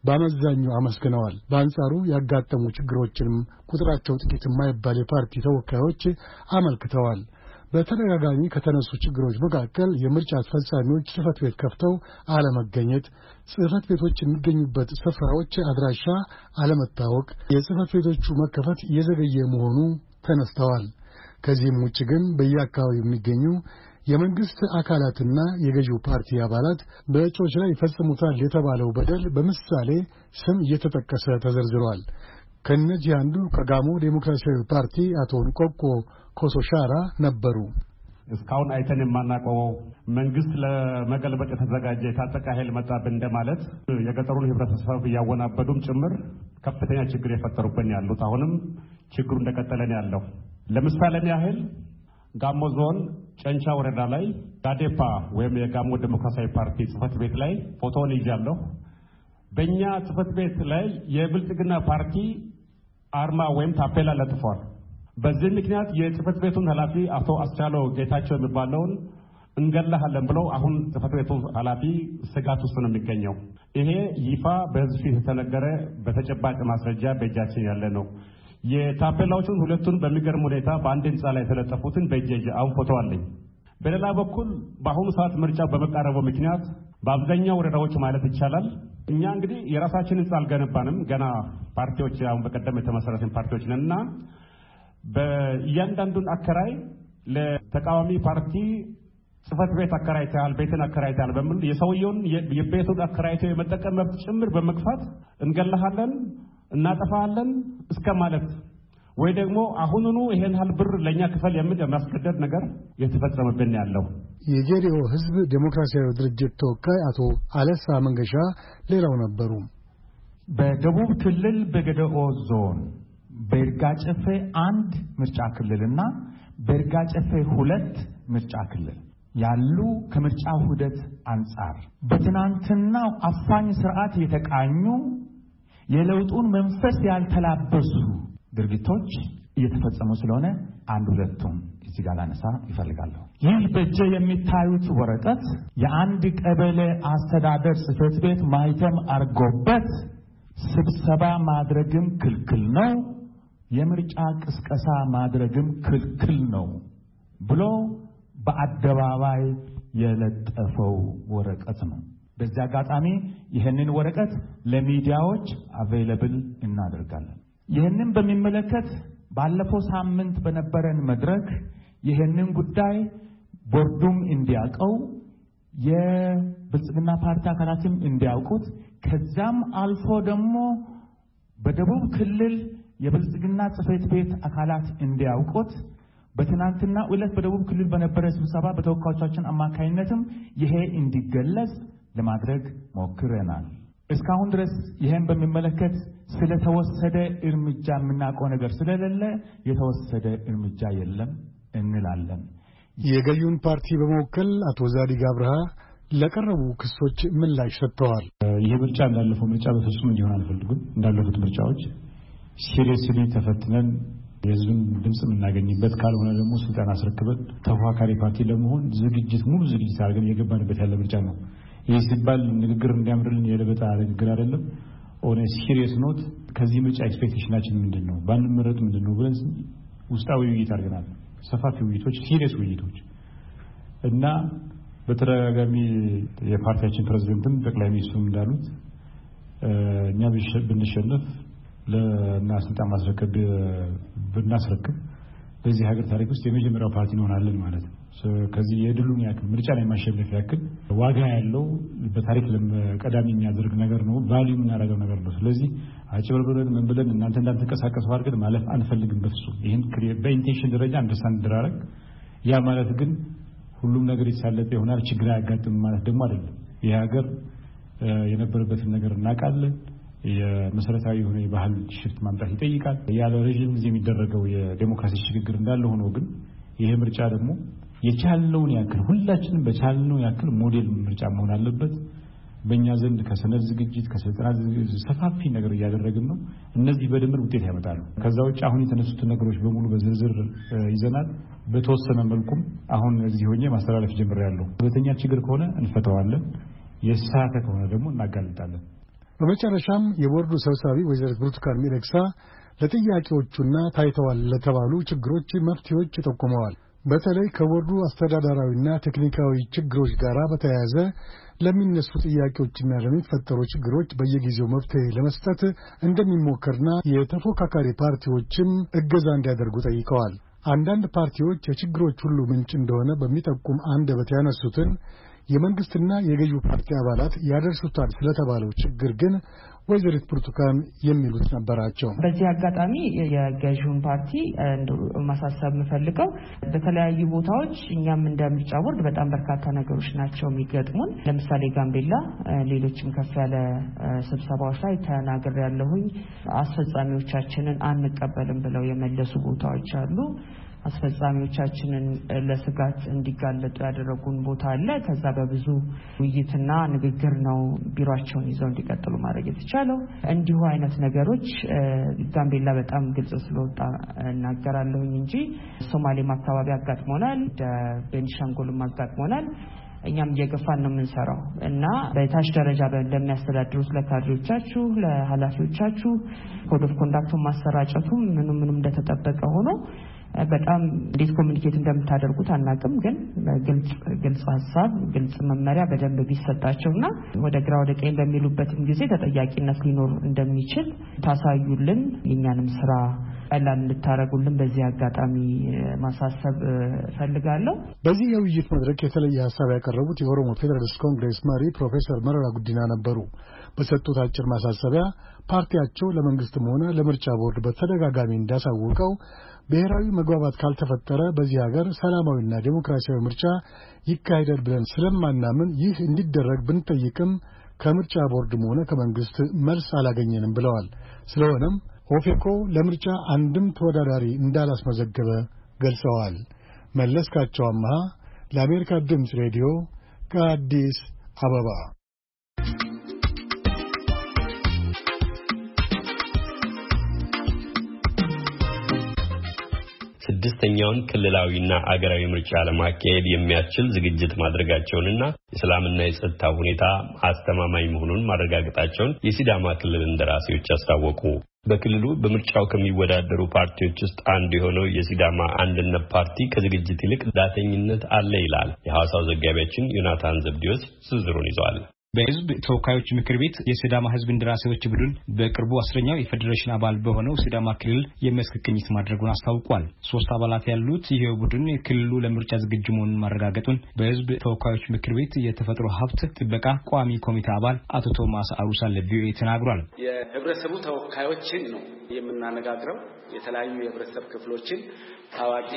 በአመዛኙ አመስግነዋል። በአንጻሩ ያጋጠሙ ችግሮችንም ቁጥራቸው ጥቂት የማይባል የፓርቲ ተወካዮች አመልክተዋል። በተደጋጋሚ ከተነሱ ችግሮች መካከል የምርጫ አስፈጻሚዎች ጽህፈት ቤት ከፍተው አለመገኘት፣ ጽህፈት ቤቶች የሚገኙበት ስፍራዎች አድራሻ አለመታወቅ፣ የጽህፈት ቤቶቹ መከፈት እየዘገየ መሆኑ ተነስተዋል። ከዚህም ውጭ ግን በየአካባቢው የሚገኙ የመንግስት አካላትና የገዢው ፓርቲ አባላት በእጩዎች ላይ ይፈጽሙታል የተባለው በደል በምሳሌ ስም እየተጠቀሰ ተዘርዝሯል። ከእነዚህ አንዱ ከጋሞ ዴሞክራሲያዊ ፓርቲ አቶ ንቆቆ ኮሶሻራ ነበሩ። እስካሁን አይተን የማናውቀው መንግስት ለመገልበጥ የተዘጋጀ የታጠቀ ኃይል መጣብን እንደማለት የገጠሩን ህብረተሰብ እያወናበዱም ጭምር ከፍተኛ ችግር የፈጠሩብን ያሉት አሁንም ችግሩ እንደቀጠለን ያለው ለምሳሌም ያህል ጋሞ ዞን ጨንቻ ወረዳ ላይ ጋዴፓ ወይም የጋሞ ዴሞክራሲያዊ ፓርቲ ጽህፈት ቤት ላይ ፎቶውን ይዣለሁ። በእኛ ጽህፈት ቤት ላይ የብልጽግና ፓርቲ አርማ ወይም ታፔላ ለጥፏል። በዚህ ምክንያት የጽህፈት ቤቱን ኃላፊ አቶ አስቻለው ጌታቸው የሚባለውን እንገላሃለን ብለው አሁን ጽህፈት ቤቱ ኃላፊ ስጋት ውስጥ ነው የሚገኘው። ይሄ ይፋ በህዝብ ፊት የተነገረ በተጨባጭ ማስረጃ በእጃችን ያለ ነው። የታፔላዎቹን ሁለቱን በሚገርም ሁኔታ በአንድ ህንፃ ላይ የተለጠፉትን በእጅ አሁን ፎቶ አለኝ። በሌላ በኩል በአሁኑ ሰዓት ምርጫ በመቃረበው ምክንያት በአብዛኛው ወረዳዎች ማለት ይቻላል እኛ እንግዲህ የራሳችን ህንፃ አልገነባንም። ገና ፓርቲዎች አሁን በቀደም የተመሰረትን ፓርቲዎች ነን እና በእያንዳንዱን አከራይ ለተቃዋሚ ፓርቲ ጽህፈት ቤት አከራይተሃል፣ ቤትን አከራይተሃል በሚል የሰውየውን የቤቱን አከራይቶ የመጠቀም መብት ጭምር በመግፋት እንገላሃለን እናጠፋለን እስከ ማለት ወይ ደግሞ አሁኑኑ ይሄን ያህል ብር ለእኛ ክፈል የሚል የሚያስገደድ ነገር የተፈጸመብን ያለው። የጌዲኦ ሕዝብ ዴሞክራሲያዊ ድርጅት ተወካይ አቶ አለሳ መንገሻ ሌላው ነበሩ። በደቡብ ክልል በገደኦ ዞን በይርጋ ጨፌ አንድ ምርጫ ክልልና በይርጋ ጨፌ ሁለት ምርጫ ክልል ያሉ ከምርጫ ውህደት አንጻር በትናንትናው አፋኝ ስርዓት የተቃኙ የለውጡን መንፈስ ያልተላበሱ ድርጊቶች እየተፈጸሙ ስለሆነ አንድ ሁለቱም እዚህ ጋር ላነሳ ይፈልጋለሁ። ይህ በእጄ የሚታዩት ወረቀት የአንድ ቀበሌ አስተዳደር ጽሕፈት ቤት ማይተም አድርጎበት ስብሰባ ማድረግም ክልክል ነው፣ የምርጫ ቅስቀሳ ማድረግም ክልክል ነው ብሎ በአደባባይ የለጠፈው ወረቀት ነው። በዚህ አጋጣሚ ይህንን ወረቀት ለሚዲያዎች አቬይለብል እናደርጋለን። ይህንን በሚመለከት ባለፈው ሳምንት በነበረን መድረክ ይህንን ጉዳይ ቦርዱም እንዲያውቀው የብልጽግና ፓርቲ አካላትም እንዲያውቁት ከዛም አልፎ ደግሞ በደቡብ ክልል የብልጽግና ጽሕፈት ቤት አካላት እንዲያውቁት በትናንትና ዕለት በደቡብ ክልል በነበረ ስብሰባ በተወካዮቻችን አማካኝነትም ይሄ እንዲገለጽ ለማድረግ ሞክረናል። እስካሁን ድረስ ይህን በሚመለከት ስለተወሰደ እርምጃ የምናውቀው ነገር ስለሌለ የተወሰደ እርምጃ የለም እንላለን። የገዢውን ፓርቲ በመወከል አቶ ዛዲግ አብርሃ ለቀረቡ ክሶች ምላሽ ሰጥተዋል። ይህ ምርጫ እንዳለፈው ምርጫ በፍጹም እንዲሆን አልፈልጉም። እንዳለፉት ምርጫዎች ሲሪየስሊ ተፈትነን የህዝብን ድምፅ የምናገኝበት ካልሆነ ደግሞ ስልጣን አስረክበን ተፎካካሪ ፓርቲ ለመሆን ዝግጅት ሙሉ ዝግጅት አድርገን እየገባንበት ያለ ምርጫ ነው። ይህ ሲባል ንግግር እንዲያምርልን የለበጣ ንግግር አይደለም። ሆነ ሲሪየስ ኖት ከዚህ ምርጫ ኤክስፔክቴሽናችን ምንድን ነው፣ ባንመረጥ ምንድን ነው ብለን ውስጣዊ ውይይት አድርገናል። ሰፋፊ ውይይቶች፣ ሲሪየስ ውይይቶች እና በተደጋጋሚ የፓርቲያችን ፕሬዚደንትም ጠቅላይ ሚኒስትሩም እንዳሉት እኛ ብንሸነፍ እና ስልጣን ማስረከብ ብናስረክብ በዚህ ሀገር ታሪክ ውስጥ የመጀመሪያው ፓርቲ እንሆናለን ማለት ነው። ከዚህ የድሉን ያክል ምርጫ ላይ ማሸነፍ ያክል ዋጋ ያለው በታሪክ ቀዳሚ የሚያደርግ ነገር ነው፣ ቫሊዩ የምናደርገው ነገር ነው። ስለዚህ አጭበርብረን ምን ብለን እናንተ እንዳትንቀሳቀሱ አድርገን ማለፍ አንፈልግም። በፍጹም ይህን በኢንቴንሽን ደረጃ አንደርስታንድ እንድራረግ ያ ማለት ግን ሁሉም ነገር የተሳለጠ ይሆናል ችግር አያጋጥምም ማለት ደግሞ አይደለም። ይህ ሀገር የነበረበትን ነገር እናውቃለን። የመሰረታዊ የሆነ የባህል ሽፍት ማምጣት ይጠይቃል። ያለ ረዥም ጊዜ የሚደረገው የዴሞክራሲ ሽግግር እንዳለ ሆኖ ግን ይሄ ምርጫ ደግሞ የቻልነውን ያክል ሁላችንም በቻልነው ያክል ሞዴል ምርጫ መሆን አለበት። በእኛ ዘንድ ከሰነድ ዝግጅት ከስልጠና ሰፋፊ ነገር እያደረግን ነው። እነዚህ በድምር ውጤት ያመጣሉ። ከዛ ውጭ አሁን የተነሱትን ነገሮች በሙሉ በዝርዝር ይዘናል። በተወሰነ መልኩም አሁን እዚህ ሆኜ ማስተላለፍ ጀምሬያለሁ። ሁለተኛ ችግር ከሆነ እንፈተዋለን፣ የሳተ ከሆነ ደግሞ እናጋልጣለን። በመጨረሻም የቦርዱ ሰብሳቢ ወይዘሪት ብርቱካን ሚደቅሳ ለጥያቄዎቹና ታይተዋል ለተባሉ ችግሮች መፍትሄዎች ጠቁመዋል። በተለይ ከቦርዱ አስተዳደራዊና ቴክኒካዊ ችግሮች ጋር በተያያዘ ለሚነሱ ጥያቄዎችና ለሚፈጠሩ ችግሮች በየጊዜው መፍትሄ ለመስጠት እንደሚሞከርና የተፎካካሪ ፓርቲዎችም እገዛ እንዲያደርጉ ጠይቀዋል። አንዳንድ ፓርቲዎች የችግሮች ሁሉ ምንጭ እንደሆነ በሚጠቁም አንደበት ያነሱትን የመንግሥትና የገዢው ፓርቲ አባላት ያደርሱታል ስለተባለው ችግር ግን ወይዘሪት ብርቱካን የሚሉት ነበራቸው። በዚህ አጋጣሚ የገዥውን ፓርቲ ማሳሰብ የምፈልገው በተለያዩ ቦታዎች እኛም ምርጫ ቦርድ በጣም በርካታ ነገሮች ናቸው የሚገጥሙን። ለምሳሌ ጋምቤላ፣ ሌሎችም ከፍ ያለ ስብሰባዎች ላይ ተናግሬ ያለሁኝ አስፈጻሚዎቻችንን አንቀበልም ብለው የመለሱ ቦታዎች አሉ። አስፈጻሚዎቻችንን ለስጋት እንዲጋለጡ ያደረጉን ቦታ አለ። ከዛ በብዙ ውይይትና ንግግር ነው ቢሮቸውን ይዘው እንዲቀጥሉ ማድረግ የተቻለው። እንዲሁ አይነት ነገሮች ጋምቤላ በጣም ግልጽ ስለወጣ እናገራለሁኝ እንጂ ሶማሌም አካባቢ አጋጥሞናል፣ ቤኒሻንጉልም አጋጥሞናል። እኛም እየገፋን ነው የምንሰራው እና በታች ደረጃ ለሚያስተዳድሩት ለካድሬዎቻችሁ፣ ለኃላፊዎቻችሁ ኮድ ኦፍ ኮንዳክቱን ማሰራጨቱ ምንም ምኑም እንደተጠበቀ ሆኖ በጣም እንዴት ኮሚኒኬት እንደምታደርጉት አናቅም፣ ግን ግልጽ ሀሳብ፣ ግልጽ መመሪያ በደንብ ቢሰጣቸው እና ወደ ግራ ወደ ቀኝ በሚሉበትም ጊዜ ተጠያቂነት ሊኖር እንደሚችል ታሳዩልን የእኛንም ስራ ቀላል እንድታደረጉልን በዚህ አጋጣሚ ማሳሰብ እፈልጋለሁ። በዚህ የውይይት መድረክ የተለየ ሀሳብ ያቀረቡት የኦሮሞ ፌዴራልስ ኮንግሬስ መሪ ፕሮፌሰር መረራ ጉዲና ነበሩ። በሰጡት አጭር ማሳሰቢያ ፓርቲያቸው ለመንግስትም ሆነ ለምርጫ ቦርድ በተደጋጋሚ እንዳሳወቀው ብሔራዊ መግባባት ካልተፈጠረ በዚህ ሀገር ሰላማዊና ዴሞክራሲያዊ ምርጫ ይካሄዳል ብለን ስለማናምን ይህ እንዲደረግ ብንጠይቅም ከምርጫ ቦርድም ሆነ ከመንግስት መልስ አላገኘንም ብለዋል። ስለሆነም ኦፌኮ ለምርጫ አንድም ተወዳዳሪ እንዳላስመዘገበ ገልጸዋል። መለስካቸው አመሃ ለአሜሪካ ድምፅ ሬዲዮ ከአዲስ አበባ ስድስተኛውን ክልላዊና አገራዊ ምርጫ ለማካሄድ የሚያስችል ዝግጅት ማድረጋቸውንና የሰላምና የጸጥታ ሁኔታ አስተማማኝ መሆኑን ማረጋገጣቸውን የሲዳማ ክልል እንደራሴዎች አስታወቁ። በክልሉ በምርጫው ከሚወዳደሩ ፓርቲዎች ውስጥ አንዱ የሆነው የሲዳማ አንድነት ፓርቲ ከዝግጅት ይልቅ ዳተኝነት አለ ይላል። የሐዋሳው ዘጋቢያችን ዮናታን ዘብዲዮስ ዝርዝሩን ይዘዋል። በህዝብ ተወካዮች ምክር ቤት የሲዳማ ህዝብ እንደራሴዎች ቡድን በቅርቡ አስረኛው የፌዴሬሽን አባል በሆነው ሲዳማ ክልል የመስክ ቅኝት ማድረጉን አስታውቋል። ሶስት አባላት ያሉት ይህ ቡድን ክልሉ ለምርጫ ዝግጁ መሆኑን ማረጋገጡን በህዝብ ተወካዮች ምክር ቤት የተፈጥሮ ሀብት ጥበቃ ቋሚ ኮሚቴ አባል አቶ ቶማስ አሩሳ ለቪኦኤ ተናግሯል። የህብረተሰቡ ተወካዮችን ነው የምናነጋግረው የተለያዩ የህብረተሰብ ክፍሎችን ታዋቂ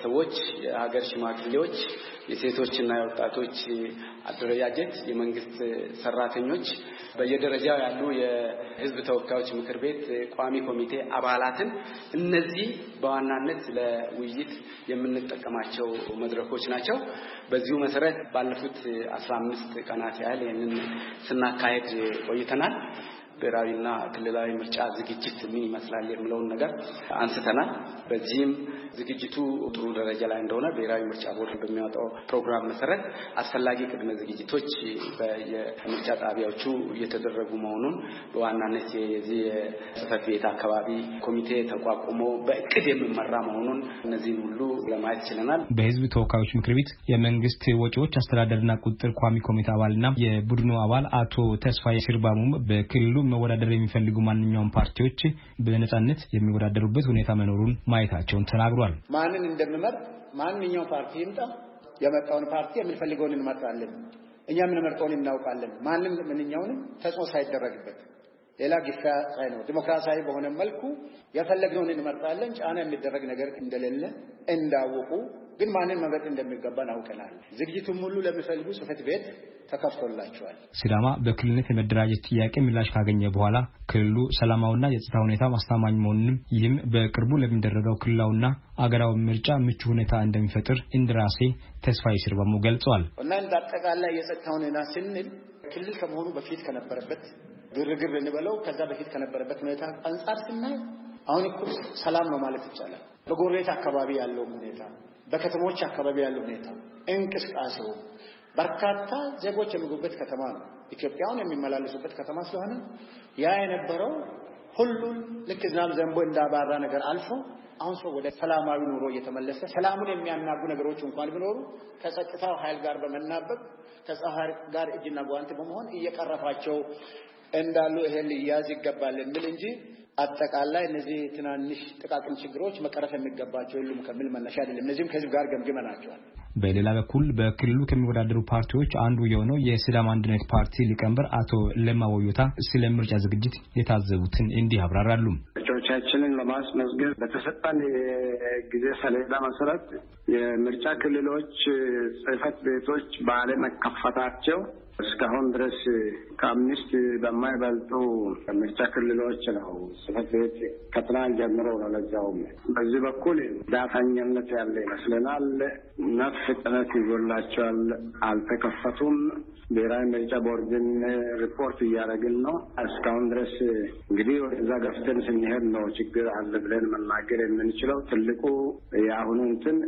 ሰዎች፣ የሀገር ሽማግሌዎች፣ የሴቶችና የወጣቶች አደረጃጀት፣ የመንግስት ሰራተኞች፣ በየደረጃው ያሉ የህዝብ ተወካዮች ምክር ቤት ቋሚ ኮሚቴ አባላትን እነዚህ በዋናነት ለውይይት የምንጠቀማቸው መድረኮች ናቸው። በዚሁ መሰረት ባለፉት አስራ አምስት ቀናት ያህል ይህንን ስናካሄድ ቆይተናል። ብሔራዊና ክልላዊ ምርጫ ዝግጅት ምን ይመስላል የሚለውን ነገር አንስተናል። በዚህም ዝግጅቱ ጥሩ ደረጃ ላይ እንደሆነ ብሔራዊ ምርጫ ቦርድ በሚያወጣው ፕሮግራም መሰረት አስፈላጊ ቅድመ ዝግጅቶች በየምርጫ ጣቢያዎቹ እየተደረጉ መሆኑን በዋናነት የዚህ የጽህፈት ቤት አካባቢ ኮሚቴ ተቋቁሞ በእቅድ የሚመራ መሆኑን እነዚህን ሁሉ ለማየት ችለናል። በህዝብ ተወካዮች ምክር ቤት የመንግስት ወጪዎች አስተዳደርና ቁጥጥር ቋሚ ኮሚቴ አባልና የቡድኑ አባል አቶ ተስፋዬ ሲርባሙም በክልሉ መወዳደር የሚፈልጉ ማንኛውም ፓርቲዎች በነጻነት የሚወዳደሩበት ሁኔታ መኖሩን ማየታቸውን ተናግሯል። ማንን እንደምመርጥ ማንኛውም ፓርቲ ይምጣ፣ የመጣውን ፓርቲ የምንፈልገውን እንመርጣለን። እኛ የምንመርጠውን እናውቃለን። ማንም ምንኛውንም ተጽዕኖ ሳይደረግበት ሌላ ግፋ ሳይኖር ዲሞክራሲያዊ በሆነ መልኩ የፈለግነውን እንመርጣለን። ጫና የሚደረግ ነገር እንደሌለ እንዳወቁ ግን ማንን መምረጥ እንደሚገባን አውቀናል። ዝግጅቱም ሁሉ ለሚፈልጉ ጽህፈት ቤት ተከፍቶላቸዋል። ሲዳማ በክልልነት የመደራጀት ጥያቄ ምላሽ ካገኘ በኋላ ክልሉ ሰላማዊና የጸጥታ ሁኔታ ማስተማማኝ መሆኑንም ይህም በቅርቡ ለሚደረገው ክልላውና አገራዊ ምርጫ ምቹ ሁኔታ እንደሚፈጥር እንደራሴ ተስፋዬ ሲርባሙ ገልጸዋል። እና በአጠቃላይ የጸጥታ ሁኔታ ስንል ክልል ከመሆኑ በፊት ከነበረበት ግርግር እንበለው ከዛ በፊት ከነበረበት ሁኔታ አንጻር ስናይ አሁን እኩል ሰላም ነው ማለት ይቻላል። በጎረቤት አካባቢ ያለውም ሁኔታ በከተሞች አካባቢ ያለው ሁኔታ እንቅስቃሴው በርካታ ዜጎች የሚገቡበት ከተማ ነው። ኢትዮጵያውን የሚመላለሱበት ከተማ ስለሆነ ያ የነበረው ሁሉን ልክ ዝናብ ዘንቦ እንዳባራ ነገር አልፎ አሁን ሰው ወደ ሰላማዊ ኑሮ እየተመለሰ ሰላሙን የሚያናጉ ነገሮች እንኳን ቢኖሩ ከጸጥታው ኃይል ጋር በመናበብ ከጸጥታው ጋር እጅና ጓንት በመሆን እየቀረፋቸው እንዳሉ ይሄ ሊያዝ ይገባል የሚል እንጂ አጠቃላይ እነዚህ ትናንሽ ጥቃቅን ችግሮች መቀረፍ የሚገባቸው ሁሉም ከሚል መነሻ አይደለም። እነዚህም ከህዝብ ጋር ገምግመናቸዋል። በሌላ በኩል በክልሉ ከሚወዳደሩ ፓርቲዎች አንዱ የሆነው የሲዳማ አንድነት ፓርቲ ሊቀመንበር አቶ ለማ ወዮታ ስለ ምርጫ ዝግጅት የታዘቡትን እንዲህ አብራራሉ። እጩዎቻችንን ለማስመዝገብ በተሰጠን የጊዜ ሰሌዳ መሰረት የምርጫ ክልሎች ጽህፈት ቤቶች ባለመከፈታቸው እስካሁን ድረስ ከአምስት በማይበልጡ ምርጫ ክልሎች ነው ጽህፈት ቤት ከትናንት ጀምሮ ነው። ለዛውም በዚህ በኩል ዳተኛነት ያለ ይመስለናል ነፍ ጥነት ይጎላቸዋል። አልተከፈቱም። ብሔራዊ ምርጫ ቦርድን ሪፖርት እያደረግን ነው። እስካሁን ድረስ እንግዲህ ወደዛ ገፍተን ስንሄድ ነው ችግር አለ ብለን መናገር የምንችለው። ትልቁ የአሁኑ እንትን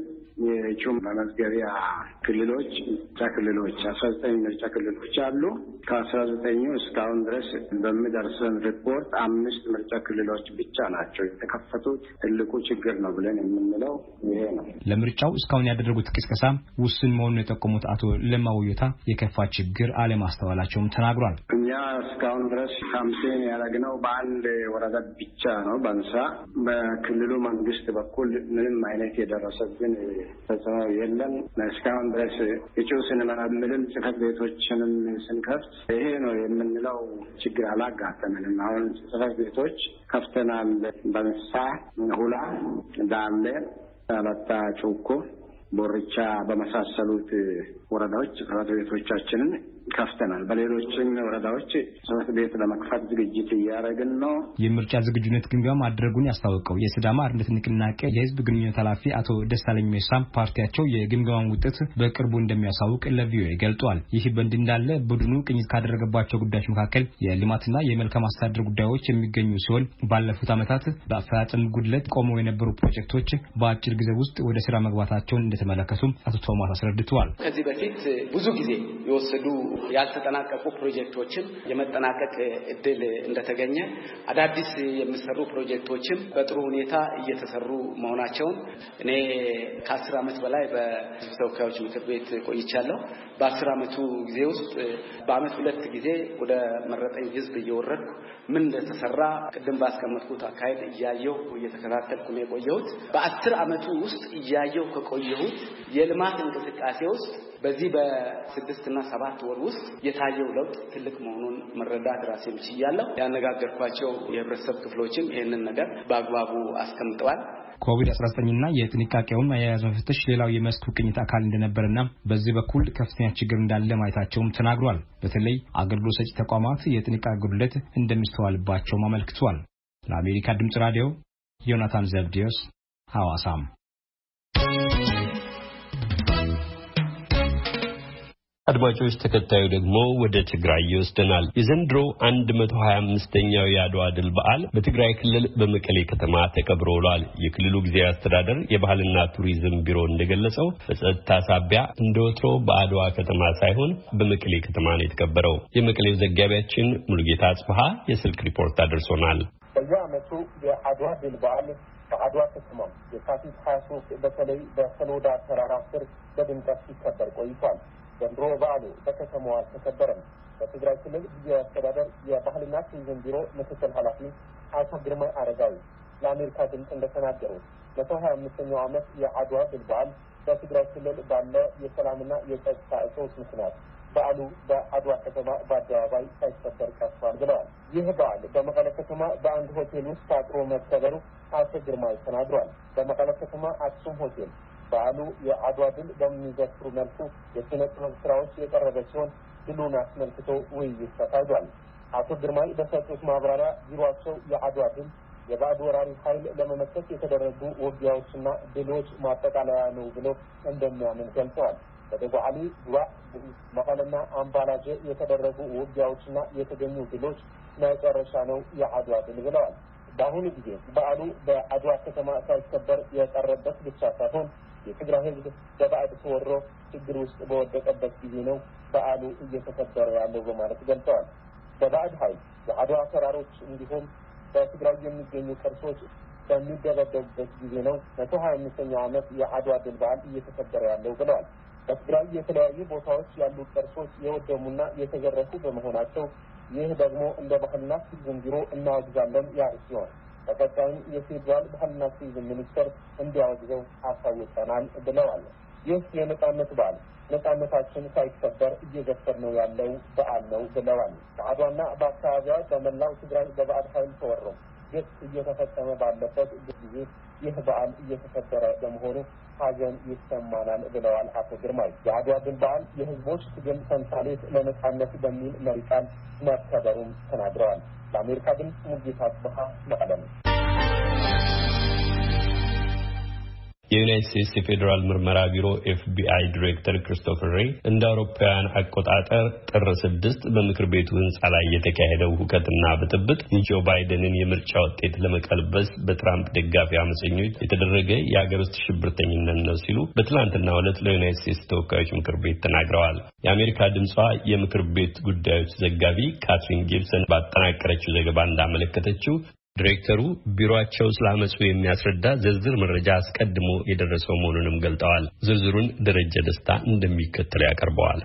የእጩ መመዝገቢያ ክልሎች ምርጫ ክልሎች አስራ ዘጠኝ ምርጫ ክልሎች አሉ። ከአስራ ዘጠኙ እስካሁን ድረስ በሚደርሰን ሪፖርት አምስት ምርጫ ክልሎች ብቻ ናቸው የተከፈቱት። ትልቁ ችግር ነው ብለን የምንለው ይሄ ነው። ለምርጫው እስካሁን ያደረጉት ቅስቀሳ ውስን መሆኑን የጠቆሙት አቶ ለማ የከፋ ችግር አለማስተዋላቸውም ተናግሯል። እኛ እስካሁን ድረስ ካምፔን ያደረግነው በአንድ ወረዳ ብቻ ነው፣ በንሳ። በክልሉ መንግስት በኩል ምንም አይነት የደረሰብን ተጽዕኖ የለም። እስካሁን ድረስ እጩ ስንመረምልም ጽህፈት ቤቶችንም ስንከፍት ይሄ ነው የምንለው ችግር አላጋጠምንም። አሁን ጽህፈት ቤቶች ከፍተናል። በንሳ፣ ሁላ፣ ዳሌ፣ አለታ፣ ጩኮ፣ ቦርቻ በመሳሰሉት ወረዳዎች ጽህፈት ቤቶቻችንን ከፍተናል። በሌሎችም ወረዳዎች ትምህርት ቤት ለመክፈት ዝግጅት እያደረግን ነው። የምርጫ ዝግጁነት ግምገማ ማድረጉን ያስታወቀው የስዳማ አርነት ንቅናቄ የህዝብ ግንኙነት ኃላፊ አቶ ደሳለኝ ሜሳም ፓርቲያቸው የግምገማን ውጤት በቅርቡ እንደሚያሳውቅ ለቪኦኤ ገልጧል። ይህ በእንዲህ እንዳለ ቡድኑ ቅኝት ካደረገባቸው ጉዳዮች መካከል የልማትና የመልካም አስተዳደር ጉዳዮች የሚገኙ ሲሆን ባለፉት ዓመታት በአፈጻጸም ጉድለት ቆመው የነበሩ ፕሮጀክቶች በአጭር ጊዜ ውስጥ ወደ ስራ መግባታቸውን እንደተመለከቱም አቶ ቶማስ አስረድተዋል። ከዚህ በፊት ብዙ ጊዜ የወሰዱ ያልተጠናቀቁ ፕሮጀክቶችን የመጠናቀቅ እድል እንደተገኘ፣ አዳዲስ የሚሰሩ ፕሮጀክቶችም በጥሩ ሁኔታ እየተሰሩ መሆናቸውን እኔ ከአስር ዓመት በላይ በህዝብ ተወካዮች ምክር ቤት ቆይቻለሁ። በአስር ዓመቱ ጊዜ ውስጥ በአመት ሁለት ጊዜ ወደ መረጠኝ ህዝብ እየወረድኩ ምን እንደተሰራ ቅድም ባስቀመጥኩት አካሄድ እያየሁ እየተከታተልኩ ነው የቆየሁት። በአስር ዓመቱ ውስጥ እያየሁ ከቆየሁት የልማት እንቅስቃሴ ውስጥ በዚህ በስድስትና ሰባት ወር ውስጥ የታየው ለውጥ ትልቅ መሆኑን መረዳት ራሴም ችያለሁ። ያነጋገርኳቸው የህብረተሰብ ክፍሎችም ይህንን ነገር በአግባቡ አስቀምጠዋል። ኮቪድ-19ና የጥንቃቄውን አያያዝ መፈተሽ ሌላው የመስኩ ቅኝት አካል እንደነበርና በዚህ በኩል ከፍተኛ ችግር እንዳለ ማየታቸውም ተናግሯል። በተለይ አገልግሎት ሰጪ ተቋማት የጥንቃቄ ጉድለት እንደሚስተዋልባቸውም አመልክቷል። ለአሜሪካ ድምጽ ራዲዮ ዮናታን ዘብዲዮስ ሐዋሳም አድማጮች ተከታዩ ደግሞ ወደ ትግራይ ይወስደናል። የዘንድሮ 125ኛው የአድዋ ድል በዓል በትግራይ ክልል በመቀሌ ከተማ ተከብሮ ውሏል። የክልሉ ጊዜያዊ አስተዳደር የባህልና ቱሪዝም ቢሮ እንደገለጸው በጸጥታ ሳቢያ እንደ ወትሮ በአድዋ ከተማ ሳይሆን በመቀሌ ከተማ ነው የተከበረው። የመቀሌው ዘጋቢያችን ሙሉጌታ አጽብሃ የስልክ ሪፖርት አድርሶናል። በየዓመቱ የአድዋ ድል በዓል በአድዋ ከተማ የካቲት 23 በተለይ በሰሎዳ ተራራ ስር በድምቀት ሲከበር ቆይቷል። ዘንድሮ በዓሉ በከተማዋ አልተከበረም። በትግራይ ክልል ጊዜያዊ አስተዳደር የባህልና ቱሪዝም ቢሮ ምክትል ኃላፊ አቶ ግርማ አረጋዊ ለአሜሪካ ድምፅ እንደተናገሩት መቶ ሀያ አምስተኛው ዓመት የአድዋ ድል በዓል በትግራይ ክልል ባለ የሰላምና የጸጥታ እጦት ምክንያት በዓሉ በአድዋ ከተማ በአደባባይ ሳይከበር ቀርቷል ብለዋል። ይህ በዓል በመቀለ ከተማ በአንድ ሆቴል ውስጥ ታጥሮ መከበሩ አቶ ግርማይ ተናግሯል። በመቀለ ከተማ አክሱም ሆቴል በዓሉ የአድዋ ድል በሚዘክሩ መልኩ የኪነ ጥበብ ስራዎች የቀረበ ሲሆን ድሉን አስመልክቶ ውይይት ተካሂዷል። አቶ ግርማይ በሰጡት ማብራሪያ ቢሯቸው የአድዋ ድል የባዕድ ወራሪ ኃይል ለመመከት የተደረጉ ውጊያዎችና ድሎች ማጠቃለያ ነው ብሎ እንደሚያምን ገልጸዋል። በደጓዓሊ ጉባ፣ መቀለና አምባላጀ የተደረጉ ውጊያዎችና የተገኙ ድሎች መጨረሻ ነው የአድዋ ድል ብለዋል። በአሁኑ ጊዜ በዓሉ በአድዋ ከተማ ሳይከበር የቀረበት ብቻ ሳይሆን የትግራይ ህዝብ በባዕድ ተወሮ ችግር ውስጥ በወደቀበት ጊዜ ነው በዓሉ እየተከበረ ያለው በማለት ገልጸዋል። በባዕድ ኃይል የአድዋ ተራሮች እንዲሁም በትግራይ የሚገኙ ቅርሶች በሚደበደቡበት ጊዜ ነው መቶ ሀያ አምስተኛው ዓመት የአድዋ ድል በዓል እየተከበረ ያለው ብለዋል። በትግራይ የተለያዩ ቦታዎች ያሉ ቅርሶች የወደሙና የተዘረፉ በመሆናቸው ይህ ደግሞ እንደ ባህልና ቱሪዝም ቢሮ እናወግዛለን ያሉ ሲሆን በቀጣይም የፌዴራል ባህልና ቱሪዝም ሚኒስቴር እንዲያወግዘው አሳውቀናል ብለዋል። ይህ የነጻነት በዓል ነጻነታችን ሳይከበር እየገፈር ነው ያለው በዓል ነው ብለዋል። በአድዋና በአካባቢዋ በመላው ትግራይ በባዕድ ኃይል ተወሮ ግፍ እየተፈጸመ ባለበት ጊዜ ይህ በዓል እየተከበረ በመሆኑ ሀዘን ይሰማናል ብለዋል አቶ ግርማይ። የአድዋ ድል በዓል የህዝቦች ትግል ተምሳሌት ለነጻነት በሚል መሪ ቃል መከበሩም ተናግረዋል። ለአሜሪካ ድምፅ ሙጌታ ጽበሃ መቀለም የዩናይት ስቴትስ የፌዴራል ምርመራ ቢሮ ኤፍቢአይ ዲሬክተር ክሪስቶፈር ሬይ እንደ አውሮፓውያን አቆጣጠር ጥር ስድስት በምክር ቤቱ ህንፃ ላይ የተካሄደው ሁከትና ብጥብጥ የጆ ባይደንን የምርጫ ውጤት ለመቀልበስ በትራምፕ ደጋፊ አመፀኞች የተደረገ የሀገር ውስጥ ሽብርተኝነት ነው ሲሉ በትላንትና ዕለት ለዩናይት ስቴትስ ተወካዮች ምክር ቤት ተናግረዋል። የአሜሪካ ድምጿ የምክር ቤት ጉዳዮች ዘጋቢ ካትሪን ጊብሰን ባጠናቀረችው ዘገባ እንዳመለከተችው ዲሬክተሩ ቢሮአቸው ስላመፁ የሚያስረዳ ዝርዝር መረጃ አስቀድሞ የደረሰው መሆኑንም ገልጠዋል። ዝርዝሩን ደረጀ ደስታ እንደሚከተለው ያቀርበዋል።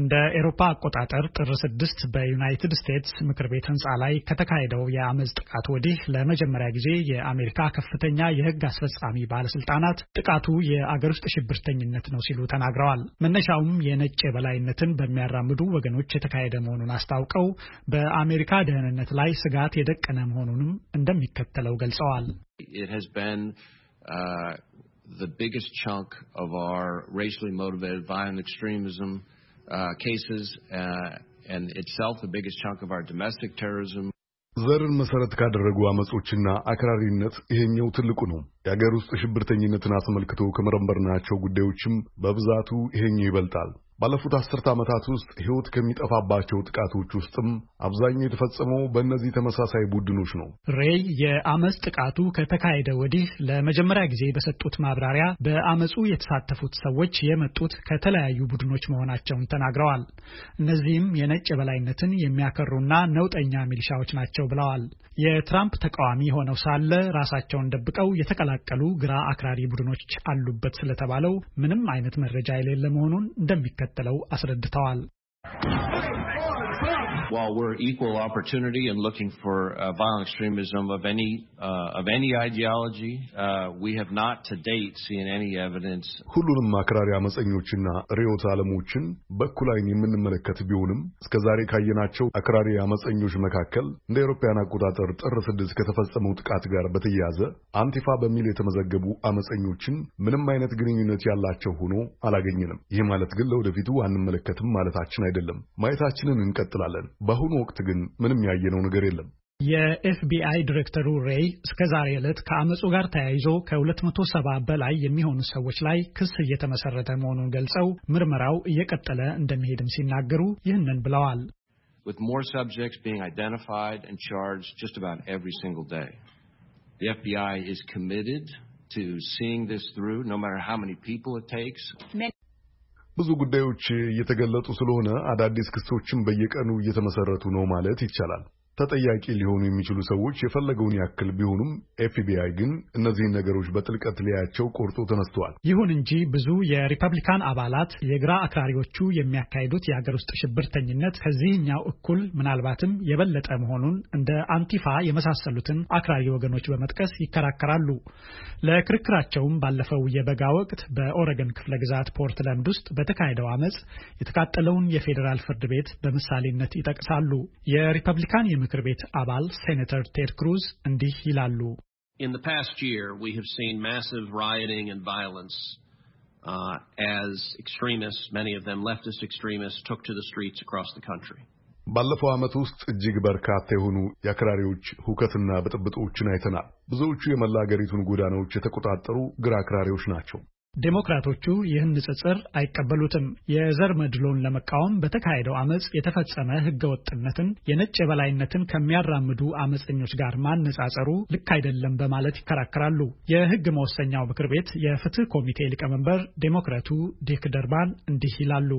እንደ ኤሮፓ አቆጣጠር ጥር ስድስት በዩናይትድ ስቴትስ ምክር ቤት ህንፃ ላይ ከተካሄደው የአመፅ ጥቃት ወዲህ ለመጀመሪያ ጊዜ የአሜሪካ ከፍተኛ የህግ አስፈጻሚ ባለስልጣናት ጥቃቱ የአገር ውስጥ ሽብርተኝነት ነው ሲሉ ተናግረዋል። መነሻውም የነጭ የበላይነትን በሚያራምዱ ወገኖች የተካሄደ መሆኑን አስታውቀው በአሜሪካ ደህንነት ላይ ስጋት የደቀነ መሆኑንም እንደሚከተለው ገልጸዋል። uh, the biggest chunk of our racially motivated violent extremism Uh, uh, ዘርን መሰረት ካደረጉ አመጾችና አክራሪነት ይሄኛው ትልቁ ነው። የአገር ውስጥ ሽብርተኝነትን አስመልክቶ ከመረመርናቸው ጉዳዮችም በብዛቱ ይሄኛው ይበልጣል። ባለፉት አስርተ ዓመታት ውስጥ ሕይወት ከሚጠፋባቸው ጥቃቶች ውስጥም አብዛኛው የተፈጸመው በእነዚህ ተመሳሳይ ቡድኖች ነው። ሬይ የአመፅ ጥቃቱ ከተካሄደ ወዲህ ለመጀመሪያ ጊዜ በሰጡት ማብራሪያ በአመፁ የተሳተፉት ሰዎች የመጡት ከተለያዩ ቡድኖች መሆናቸውን ተናግረዋል። እነዚህም የነጭ የበላይነትን የሚያከሩና ነውጠኛ ሚሊሻዎች ናቸው ብለዋል። የትራምፕ ተቃዋሚ ሆነው ሳለ ራሳቸውን ደብቀው የተቀላቀሉ ግራ አክራሪ ቡድኖች አሉበት ስለተባለው ምንም አይነት መረጃ የሌለ መሆኑን እንደሚከተለው አስረድተዋል። while we're equal opportunity and looking for uh, violent extremism of any uh, of any ideology, uh, we have not to date seen any evidence. ሁሉንም አክራሪ አመፀኞችና ርዕዮተ ዓለሞችን በኩል ዓይን የምንመለከት ቢሆንም እስከ ዛሬ ካየናቸው አክራሪ አመፀኞች መካከል እንደ አውሮፓውያን አቆጣጠር ጥር ስድስት ከተፈጸመው ጥቃት ጋር በተያያዘ አንቲፋ በሚል የተመዘገቡ አመፀኞችን ምንም አይነት ግንኙነት ያላቸው ሆኖ አላገኘንም። ይህ ማለት ግን ለወደፊቱ አንመለከትም ማለታችን አይደለም። ማየታችንን እንቀጥላለን። በአሁኑ ወቅት ግን ምንም ያየነው ነገር የለም። የኤፍቢአይ ዲሬክተሩ ሬይ እስከ ዛሬ ዕለት ከአመፁ ጋር ተያይዞ ከ270 በላይ የሚሆኑ ሰዎች ላይ ክስ እየተመሰረተ መሆኑን ገልጸው ምርመራው እየቀጠለ እንደሚሄድም ሲናገሩ ይህንን ብለዋል። with more subjects being identified and charged just about every single day. The FBI is committed to seeing this through, no matter how many people it takes. ብዙ ጉዳዮች እየተገለጡ ስለሆነ አዳዲስ ክሶችም በየቀኑ እየተመሰረቱ ነው ማለት ይቻላል። ተጠያቂ ሊሆኑ የሚችሉ ሰዎች የፈለገውን ያክል ቢሆኑም ኤፍቢአይ ግን እነዚህን ነገሮች በጥልቀት ሊያያቸው ቆርጦ ተነስተዋል። ይሁን እንጂ ብዙ የሪፐብሊካን አባላት የግራ አክራሪዎቹ የሚያካሂዱት የሀገር ውስጥ ሽብርተኝነት ከዚህኛው እኩል ምናልባትም የበለጠ መሆኑን እንደ አንቲፋ የመሳሰሉትን አክራሪ ወገኖች በመጥቀስ ይከራከራሉ። ለክርክራቸውም ባለፈው የበጋ ወቅት በኦረገን ክፍለ ግዛት ፖርትላንድ ውስጥ በተካሄደው አመፅ የተቃጠለውን የፌዴራል ፍርድ ቤት በምሳሌነት ይጠቅሳሉ። የሪፐብሊካን የምክር ቤት አባል ሴኔተር ቴድ ክሩዝ እንዲህ ይላሉ። In the past year, we have seen massive rioting and violence uh, as extremists, many of them leftist extremists, took to the streets across the country. ባለፈው ዓመት ውስጥ እጅግ በርካታ የሆኑ የአክራሪዎች ሁከትና ብጥብጦችን አይተናል። ብዙዎቹ የመላ አገሪቱን ጎዳናዎች የተቆጣጠሩ ግራ አክራሪዎች ናቸው። ዴሞክራቶቹ ይህን ንጽጽር አይቀበሉትም። የዘር መድሎን ለመቃወም በተካሄደው አመፅ የተፈጸመ ህገወጥነትን የነጭ የበላይነትን ከሚያራምዱ አመፀኞች ጋር ማነጻጸሩ ልክ አይደለም በማለት ይከራከራሉ። የህግ መወሰኛው ምክር ቤት የፍትህ ኮሚቴ ሊቀመንበር ዴሞክራቱ ዲክ ደርባን እንዲህ ይላሉ።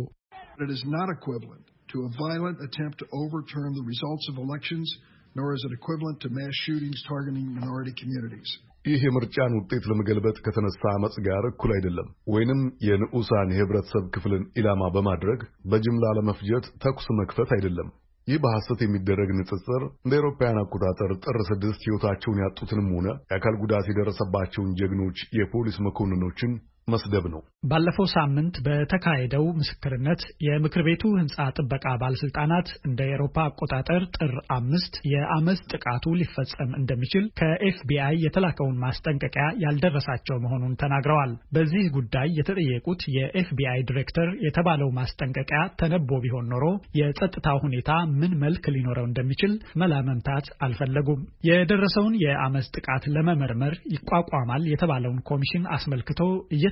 ይህ የምርጫን ውጤት ለመገልበጥ ከተነሳ አመፅ ጋር እኩል አይደለም፣ ወይንም የንዑሳን የህብረተሰብ ክፍልን ኢላማ በማድረግ በጅምላ ለመፍጀት ተኩስ መክፈት አይደለም። ይህ በሐሰት የሚደረግ ንጽጽር እንደ አውሮፓውያን አቆጣጠር ጥር ስድስት ሕይወታቸውን ያጡትንም ሆነ የአካል ጉዳት የደረሰባቸውን ጀግኖች የፖሊስ መኮንኖችን መስደብ ነው። ባለፈው ሳምንት በተካሄደው ምስክርነት የምክር ቤቱ ህንፃ ጥበቃ ባለስልጣናት እንደ ኤሮፓ አቆጣጠር ጥር አምስት የአመፅ ጥቃቱ ሊፈጸም እንደሚችል ከኤፍቢአይ የተላከውን ማስጠንቀቂያ ያልደረሳቸው መሆኑን ተናግረዋል። በዚህ ጉዳይ የተጠየቁት የኤፍቢአይ ዲሬክተር የተባለው ማስጠንቀቂያ ተነቦ ቢሆን ኖሮ የጸጥታ ሁኔታ ምን መልክ ሊኖረው እንደሚችል መላመምታት አልፈለጉም። የደረሰውን የአመፅ ጥቃት ለመመርመር ይቋቋማል የተባለውን ኮሚሽን አስመልክቶ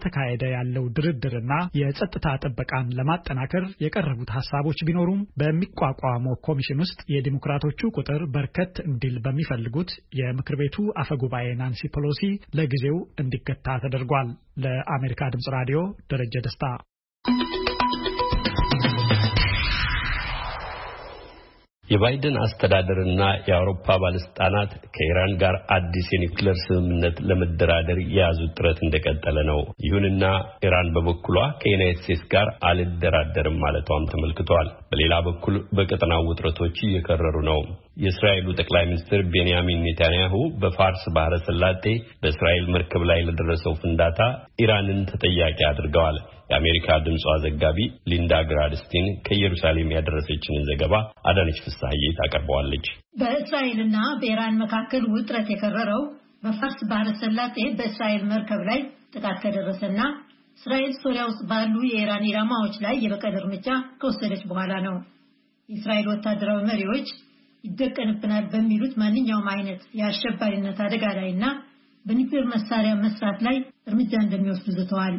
እየተካሄደ ያለው ድርድርና የጸጥታ ጥበቃን ለማጠናከር የቀረቡት ሀሳቦች ቢኖሩም በሚቋቋመው ኮሚሽን ውስጥ የዲሞክራቶቹ ቁጥር በርከት እንዲል በሚፈልጉት የምክር ቤቱ አፈጉባኤ ናንሲ ፔሎሲ ለጊዜው እንዲገታ ተደርጓል። ለአሜሪካ ድምጽ ራዲዮ ደረጀ ደስታ የባይደን አስተዳደርና የአውሮፓ ባለስልጣናት ከኢራን ጋር አዲስ የኒውክሌር ስምምነት ለመደራደር የያዙት ጥረት እንደቀጠለ ነው። ይሁንና ኢራን በበኩሏ ከዩናይት ስቴትስ ጋር አልደራደርም ማለቷም ተመልክቷል። በሌላ በኩል በቀጠናው ውጥረቶች እየከረሩ ነው። የእስራኤሉ ጠቅላይ ሚኒስትር ቤንያሚን ኔታንያሁ በፋርስ ባህረ ሰላጤ በእስራኤል መርከብ ላይ ለደረሰው ፍንዳታ ኢራንን ተጠያቂ አድርገዋል። የአሜሪካ ድምጿ ዘጋቢ ሊንዳ ግራድስቲን ከኢየሩሳሌም ያደረሰችንን ዘገባ አዳነች ፍሳሐዬ ታቀርበዋለች። በእስራኤልና በኢራን መካከል ውጥረት የከረረው በፋርስ ባህረ ሰላጤ በእስራኤል መርከብ ላይ ጥቃት ከደረሰና እስራኤል ሶሪያ ውስጥ ባሉ የኢራን ኢላማዎች ላይ የበቀል እርምጃ ከወሰደች በኋላ ነው። የእስራኤል ወታደራዊ መሪዎች ይደቀንብናል በሚሉት ማንኛውም አይነት የአሸባሪነት አደጋ ላይ እና በኒውክሌር መሳሪያ መስራት ላይ እርምጃ እንደሚወስዱ ዝተዋል።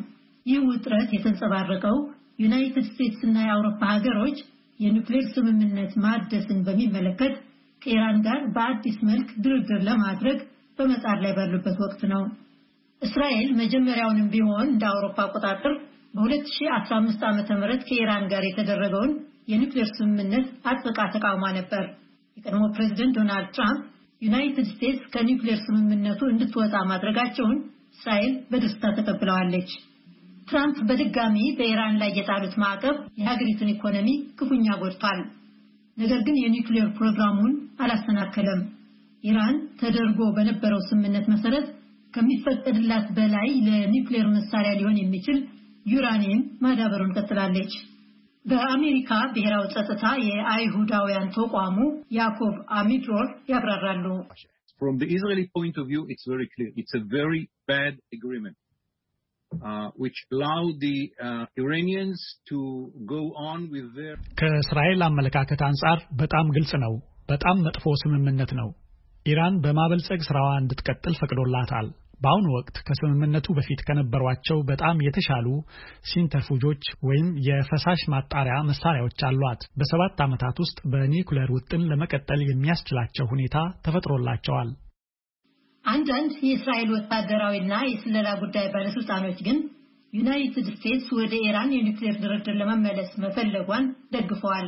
ይህ ውጥረት የተንጸባረቀው ዩናይትድ ስቴትስ እና የአውሮፓ ሀገሮች የኒውክሌር ስምምነት ማደስን በሚመለከት ከኢራን ጋር በአዲስ መልክ ድርድር ለማድረግ በመጣር ላይ ባሉበት ወቅት ነው። እስራኤል መጀመሪያውንም ቢሆን እንደ አውሮፓ አቆጣጠር በ2015 ዓ.ም ከኢራን ጋር የተደረገውን የኒውክሌር ስምምነት አጥብቃ ተቃውማ ነበር። የቀድሞ ፕሬዚደንት ዶናልድ ትራምፕ ዩናይትድ ስቴትስ ከኒውክሌር ስምምነቱ እንድትወጣ ማድረጋቸውን እስራኤል በደስታ ተቀብለዋለች። ትራምፕ በድጋሚ በኢራን ላይ የጣሉት ማዕቀብ የሀገሪቱን ኢኮኖሚ ክፉኛ ጎድቷል፣ ነገር ግን የኒውክሌር ፕሮግራሙን አላሰናከለም። ኢራን ተደርጎ በነበረው ስምምነት መሰረት ከሚፈቀድላት በላይ ለኒውክሌር መሳሪያ ሊሆን የሚችል ዩራኒየም ማዳበሩን ቀጥላለች። በአሜሪካ ብሔራዊ ጸጥታ የአይሁዳውያን ተቋሙ ያኮብ አሚድሮር ያብራራሉ። uh, ከእስራኤል አመለካከት አንጻር በጣም ግልጽ ነው። በጣም መጥፎ ስምምነት ነው። ኢራን በማበልጸግ ስራዋ እንድትቀጥል ፈቅዶላታል። በአሁኑ ወቅት ከስምምነቱ በፊት ከነበሯቸው በጣም የተሻሉ ሲንተርፉጆች ወይም የፈሳሽ ማጣሪያ መሳሪያዎች አሏት። በሰባት ዓመታት ውስጥ በኒውክለር ውጥን ለመቀጠል የሚያስችላቸው ሁኔታ ተፈጥሮላቸዋል። አንዳንድ የእስራኤል ወታደራዊና የስለላ ጉዳይ ባለስልጣኖች ግን ዩናይትድ ስቴትስ ወደ ኢራን የኒውክሌር ድርድር ለመመለስ መፈለጓን ደግፈዋል።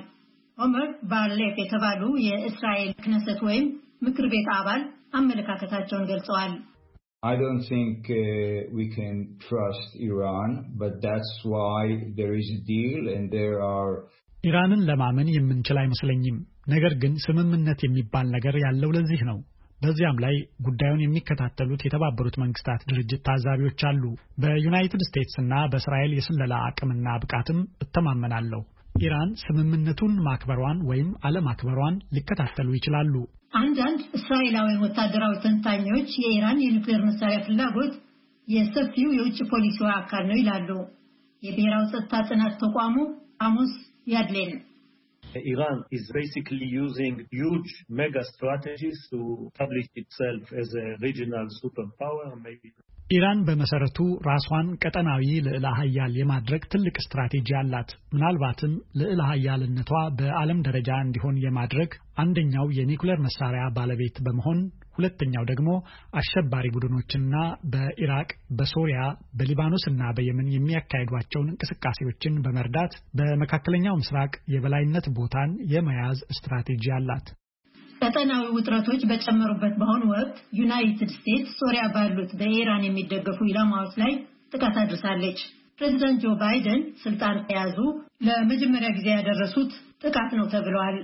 ኦመር ባርሌፍ የተባሉ የእስራኤል ክነሰት ወይም ምክር ቤት አባል አመለካከታቸውን ገልጸዋል። I don't think uh, we can trust Iran, but that's why there is a deal and there are ኢራንን ለማመን የምንችል አይመስለኝም። ነገር ግን ስምምነት የሚባል ነገር ያለው ለዚህ ነው። በዚያም ላይ ጉዳዩን የሚከታተሉት የተባበሩት መንግስታት ድርጅት ታዛቢዎች አሉ። በዩናይትድ ስቴትስ እና በእስራኤል የስለላ አቅምና ብቃትም እተማመናለሁ። ኢራን ስምምነቱን ማክበሯን ወይም አለማክበሯን ሊከታተሉ ይችላሉ። አንዳንድ እስራኤላውያን ወታደራዊ ተንታኞች የኢራን የኒውክሌር መሳሪያ ፍላጎት የሰፊው የውጭ ፖሊሲዋ አካል ነው ይላሉ። የብሔራዊ ጸጥታ ጥናት ተቋሙ አሞስ ያድሌን ኢራን is basically using ሜጋ mega ቱ to establish itself as a regional superpower maybe ኢራን በመሰረቱ ራሷን ቀጠናዊ ልዕለ ሀያል የማድረግ ትልቅ ስትራቴጂ አላት። ምናልባትም ልዕለ ሀያልነቷ በዓለም ደረጃ እንዲሆን የማድረግ አንደኛው የኒኩሌር መሳሪያ ባለቤት በመሆን ሁለተኛው ደግሞ አሸባሪ ቡድኖችና በኢራቅ፣ በሶሪያ፣ በሊባኖስ እና በየመን የሚያካሂዷቸውን እንቅስቃሴዎችን በመርዳት በመካከለኛው ምስራቅ የበላይነት ቦታን የመያዝ ስትራቴጂ አላት። ቀጠናዊ ውጥረቶች በጨመሩበት በአሁኑ ወቅት ዩናይትድ ስቴትስ ሶሪያ ባሉት በኢራን የሚደገፉ ኢላማዎች ላይ ጥቃት አድርሳለች። ፕሬዚደንት ጆ ባይደን ስልጣን ከያዙ ለመጀመሪያ ጊዜ ያደረሱት ጥቃት ነው ተብለዋል።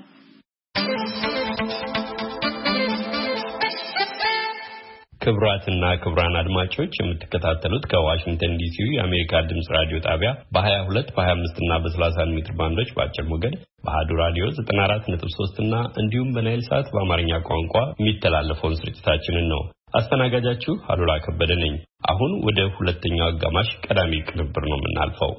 ክቡራትና ክቡራን አድማጮች የምትከታተሉት ከዋሽንግተን ዲሲ የአሜሪካ ድምፅ ራዲዮ ጣቢያ በ22 በ25 እና በ31 ሜትር ባንዶች በአጭር ሞገድ በአህዱ ራዲዮ 94.3 እና እንዲሁም በናይል ሰዓት በአማርኛ ቋንቋ የሚተላለፈውን ስርጭታችንን ነው። አስተናጋጃችሁ አሉላ ከበደ ነኝ። አሁን ወደ ሁለተኛው አጋማሽ ቀዳሚ ቅንብር ነው የምናልፈው።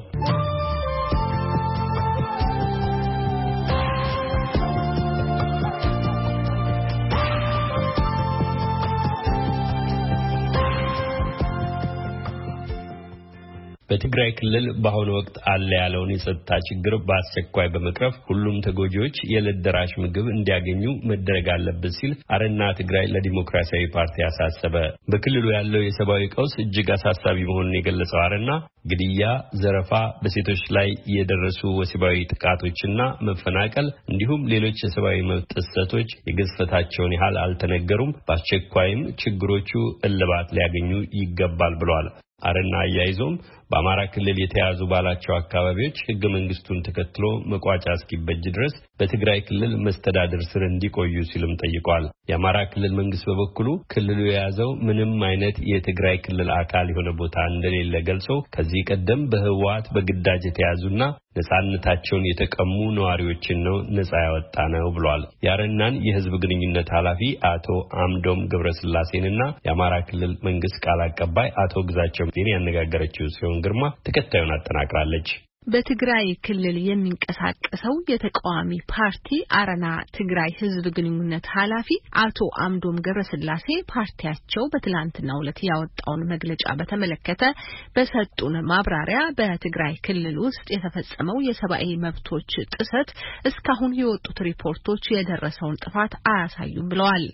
በትግራይ ክልል በአሁኑ ወቅት አለ ያለውን የጸጥታ ችግር በአስቸኳይ በመቅረፍ ሁሉም ተጎጂዎች የዕለት ደራሽ ምግብ እንዲያገኙ መደረግ አለበት ሲል አረና ትግራይ ለዲሞክራሲያዊ ፓርቲ አሳሰበ። በክልሉ ያለው የሰብአዊ ቀውስ እጅግ አሳሳቢ መሆኑን የገለጸው አረና ግድያ፣ ዘረፋ፣ በሴቶች ላይ የደረሱ ወሲባዊ ጥቃቶችና መፈናቀል እንዲሁም ሌሎች የሰብአዊ መብት ጥሰቶች የገዝፈታቸውን ያህል አልተነገሩም፣ በአስቸኳይም ችግሮቹ እልባት ሊያገኙ ይገባል ብለዋል። አረና አያይዞም በአማራ ክልል የተያዙ ባላቸው አካባቢዎች ህገ መንግስቱን ተከትሎ መቋጫ እስኪበጅ ድረስ በትግራይ ክልል መስተዳድር ስር እንዲቆዩ ሲልም ጠይቋል። የአማራ ክልል መንግስት በበኩሉ ክልሉ የያዘው ምንም አይነት የትግራይ ክልል አካል የሆነ ቦታ እንደሌለ ገልጾ ከዚህ ቀደም በህወሀት በግዳጅ የተያዙና ነጻነታቸውን የተቀሙ ነዋሪዎችን ነው ነጻ ያወጣ ነው ብሏል። ያረናን የህዝብ ግንኙነት ኃላፊ አቶ አምዶም ገብረስላሴንና የአማራ ክልል መንግስት ቃል አቀባይ አቶ ግዛቸው ዜን ያነጋገረችው ሲሆን ግርማ ተከታዩን አጠናቅራለች። በትግራይ ክልል የሚንቀሳቀሰው የተቃዋሚ ፓርቲ አረና ትግራይ ህዝብ ግንኙነት ኃላፊ አቶ አምዶም ገብረስላሴ ፓርቲያቸው በትላንትናው ዕለት ያወጣውን መግለጫ በተመለከተ በሰጡን ማብራሪያ በትግራይ ክልል ውስጥ የተፈጸመው የሰብአዊ መብቶች ጥሰት እስካሁን የወጡት ሪፖርቶች የደረሰውን ጥፋት አያሳዩም ብለዋል።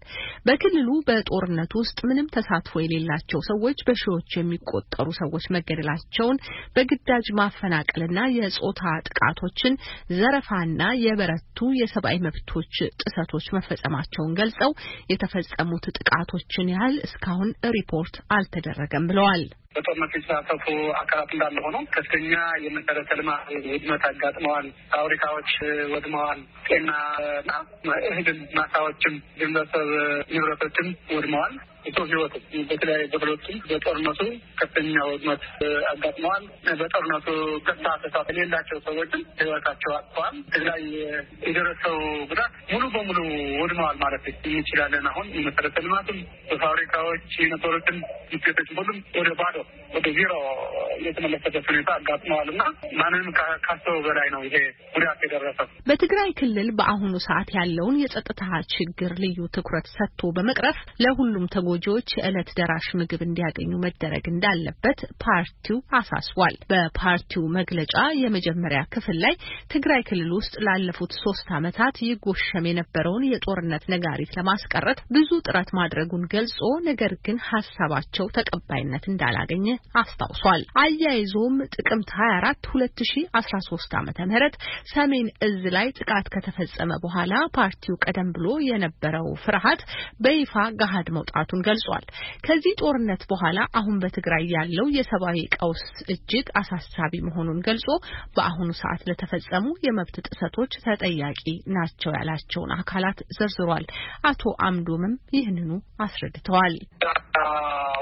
በክልሉ በጦርነት ውስጥ ምንም ተሳትፎ የሌላቸው ሰዎች በሺዎች የሚቆጠሩ ሰዎች መገደላቸውን በግዳጅ ማፈናቀል ግድያና የጾታ ጥቃቶችን፣ ዘረፋና የበረቱ የሰብአዊ መብቶች ጥሰቶች መፈጸማቸውን ገልጸው የተፈጸሙት ጥቃቶችን ያህል እስካሁን ሪፖርት አልተደረገም ብለዋል። በጦርነት የተሳተፉ አካላት እንዳለ ሆኖ ከፍተኛ የመሰረተ ልማት ውድመት አጋጥመዋል። ፋብሪካዎች ወድመዋል። ጤናና እህል ማሳዎችም ግለሰብ ንብረቶችም ወድመዋል። የሰው ህይወት በተለያዩ በተሎችም በጦርነቱ ከፍተኛ ውድመት አጋጥመዋል። በጦርነቱ ቀጥታ ተሳትፎ የሌላቸው ሰዎችም ህይወታቸው አጥተዋል። ትግራይ የደረሰው ጉዳት ሙሉ በሙሉ ውድመዋል ማለት እንችላለን። አሁን የመሰረተ ልማትም በፋብሪካዎች የነበሩትን ውጤቶች ሁሉም ወደ ባዶ ወደ ዜሮ የተመለከተበት ሁኔታ አጋጥመዋል እና ማንም ካሰው በላይ ነው ይሄ ጉዳት የደረሰው። በትግራይ ክልል በአሁኑ ሰዓት ያለውን የጸጥታ ችግር ልዩ ትኩረት ሰጥቶ በመቅረፍ ለሁሉም ተጎ ተጎጂዎች የዕለት ደራሽ ምግብ እንዲያገኙ መደረግ እንዳለበት ፓርቲው አሳስቧል። በፓርቲው መግለጫ የመጀመሪያ ክፍል ላይ ትግራይ ክልል ውስጥ ላለፉት ሶስት ዓመታት ይጎሸም የነበረውን የጦርነት ነጋሪት ለማስቀረት ብዙ ጥረት ማድረጉን ገልጾ ነገር ግን ሀሳባቸው ተቀባይነት እንዳላገኘ አስታውሷል። አያይዞም ጥቅምት 24 2013 ዓ.ም ሰሜን እዝ ላይ ጥቃት ከተፈጸመ በኋላ ፓርቲው ቀደም ብሎ የነበረው ፍርሃት በይፋ ገሃድ መውጣቱ መቆየቱን ገልጿል። ከዚህ ጦርነት በኋላ አሁን በትግራይ ያለው የሰብአዊ ቀውስ እጅግ አሳሳቢ መሆኑን ገልጾ በአሁኑ ሰዓት ለተፈጸሙ የመብት ጥሰቶች ተጠያቂ ናቸው ያላቸውን አካላት ዘርዝሯል። አቶ አምዶምም ይህንኑ አስረድተዋል።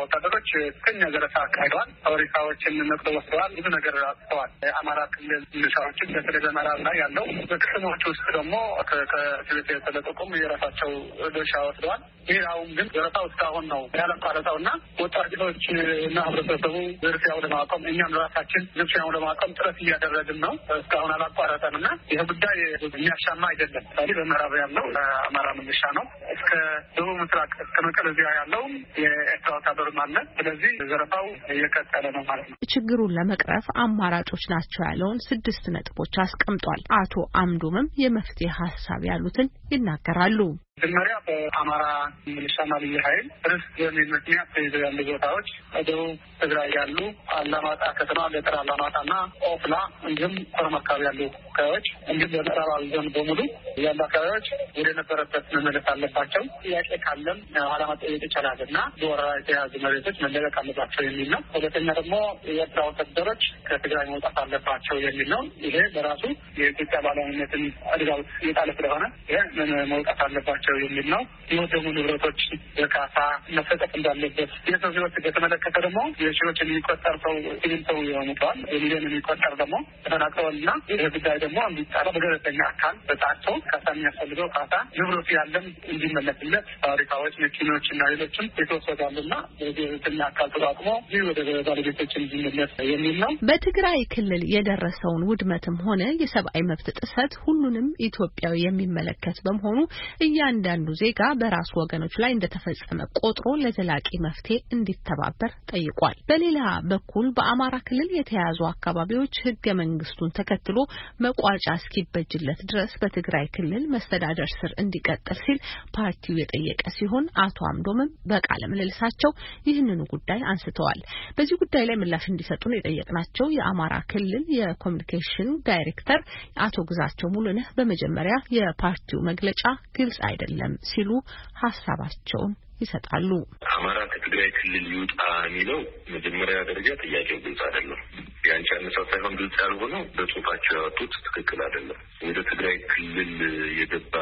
ወታደሮች ከኛ ዘረፋ አካሂደዋል። ፋብሪካዎችን ነቅሎ ወስደዋል። ብዙ ነገር አጥተዋል። የአማራ ክልል ሚሊሻዎችን በተለይ በአማራ ላይ ያለው በክስሞች ውስጥ ደግሞ ከትቤት የተለቀቁም የራሳቸው ድርሻ ወስደዋል። ይህ አሁን ግን ዘረፋ እስካሁን ነው ያለቋረጠው እና ወጣቶች እና ህብረተሰቡ ዝርፊያው ለማቆም እኛም ራሳችን ዝርፊያው ለማቆም ጥረት እያደረግን ነው። እስካሁን አላቋረጠም እና ይህ ጉዳይ የሚያሻማ አይደለም። በምዕራብ ያለው ለአማራ ምልሻ ነው። እስከ ደቡብ ምስራቅ እስከ መቀለ እዚያ ያለውም የኤርትራ ወታደርም አለ። ስለዚህ ዘረፋው እየቀጠለ ነው ማለት ነው። ችግሩን ለመቅረፍ አማራጮች ናቸው ያለውን ስድስት ነጥቦች አስቀምጧል። አቶ አምዶምም የመፍትሄ ሀሳብ ያሉትን ይናገራሉ። መጀመሪያ በአማራ ሚሊሻና ልዩ ኃይል ርስ በሚል ምክንያት ተይዘው ያሉ ቦታዎች በደቡብ ትግራይ ያሉ አላማጣ ከተማ ገጠር አላማጣና ኦፍላ እንዲሁም ኮረም አካባቢ ያሉ አካባቢዎች እንዲሁም በምዕራባዊ ዞን በሙሉ ያሉ አካባቢዎች ወደ ነበረበት መመለስ አለባቸው። ጥያቄ ካለም ኋላ መጠየቅ ይቻላል እና በወረራ የተያዙ መሬቶች መለቀቅ አለባቸው የሚል ነው። ሁለተኛ ደግሞ የኤርትራ ወታደሮች ከትግራይ መውጣት አለባቸው የሚል ነው። ይሄ በራሱ የኢትዮጵያ ባለሙነትን አደጋ ውስጥ የጣለ ስለሆነ ይሄ መውጣት አለባቸው ናቸው የሚል ነው። የወደሙ ንብረቶች በካሳ መሰጠት እንዳለበት፣ የሰው ህይወት በተመለከተ ደግሞ የሺዎች የሚቆጠር ሰው ሲቪል ሰው የሆኑተዋል የሚሊዮን የሚቆጠር ደግሞ ተፈናቅለዋል እና ይህ ጉዳይ ደግሞ እንዲጣራ በገለልተኛ አካል ተጣርቶ ካሳ የሚያስፈልገው ካሳ ንብረቱ ያለም እንዲመለስለት ፋብሪካዎች፣ መኪኖች እና ሌሎችም የተወሰዳሉ እና ገለልተኛ አካል ተቋቁሞ ይህ ወደ ባለቤቶች እንዲመለስ የሚል ነው። በትግራይ ክልል የደረሰውን ውድመትም ሆነ የሰብአዊ መብት ጥሰት ሁሉንም ኢትዮጵያዊ የሚመለከት በመሆኑ እያ እያንዳንዱ ዜጋ በራሱ ወገኖች ላይ እንደተፈጸመ ቆጥሮ ለዘላቂ መፍትሄ እንዲተባበር ጠይቋል። በሌላ በኩል በአማራ ክልል የተያዙ አካባቢዎች ህገ መንግስቱን ተከትሎ መቋጫ እስኪበጅለት ድረስ በትግራይ ክልል መስተዳደር ስር እንዲቀጥል ሲል ፓርቲው የጠየቀ ሲሆን አቶ አምዶምም በቃለ ምልልሳቸው ይህንኑ ጉዳይ አንስተዋል። በዚህ ጉዳይ ላይ ምላሽ እንዲሰጡን የጠየቅናቸው የአማራ ክልል የኮሚኒኬሽን ዳይሬክተር አቶ ግዛቸው ሙሉነህ በመጀመሪያ የፓርቲው መግለጫ ግልጽ አይደለም አይደለም ሲሉ ሀሳባቸውን ይሰጣሉ። አማራ ከትግራይ ክልል ይውጣ የሚለው መጀመሪያ ደረጃ ጥያቄው ግልጽ አይደለም። የአንቺ አነሳ ሳይሆን ግልጽ ያልሆነው በጽሁፋቸው ያወጡት ትክክል አይደለም። ወደ ትግራይ ክልል የገባ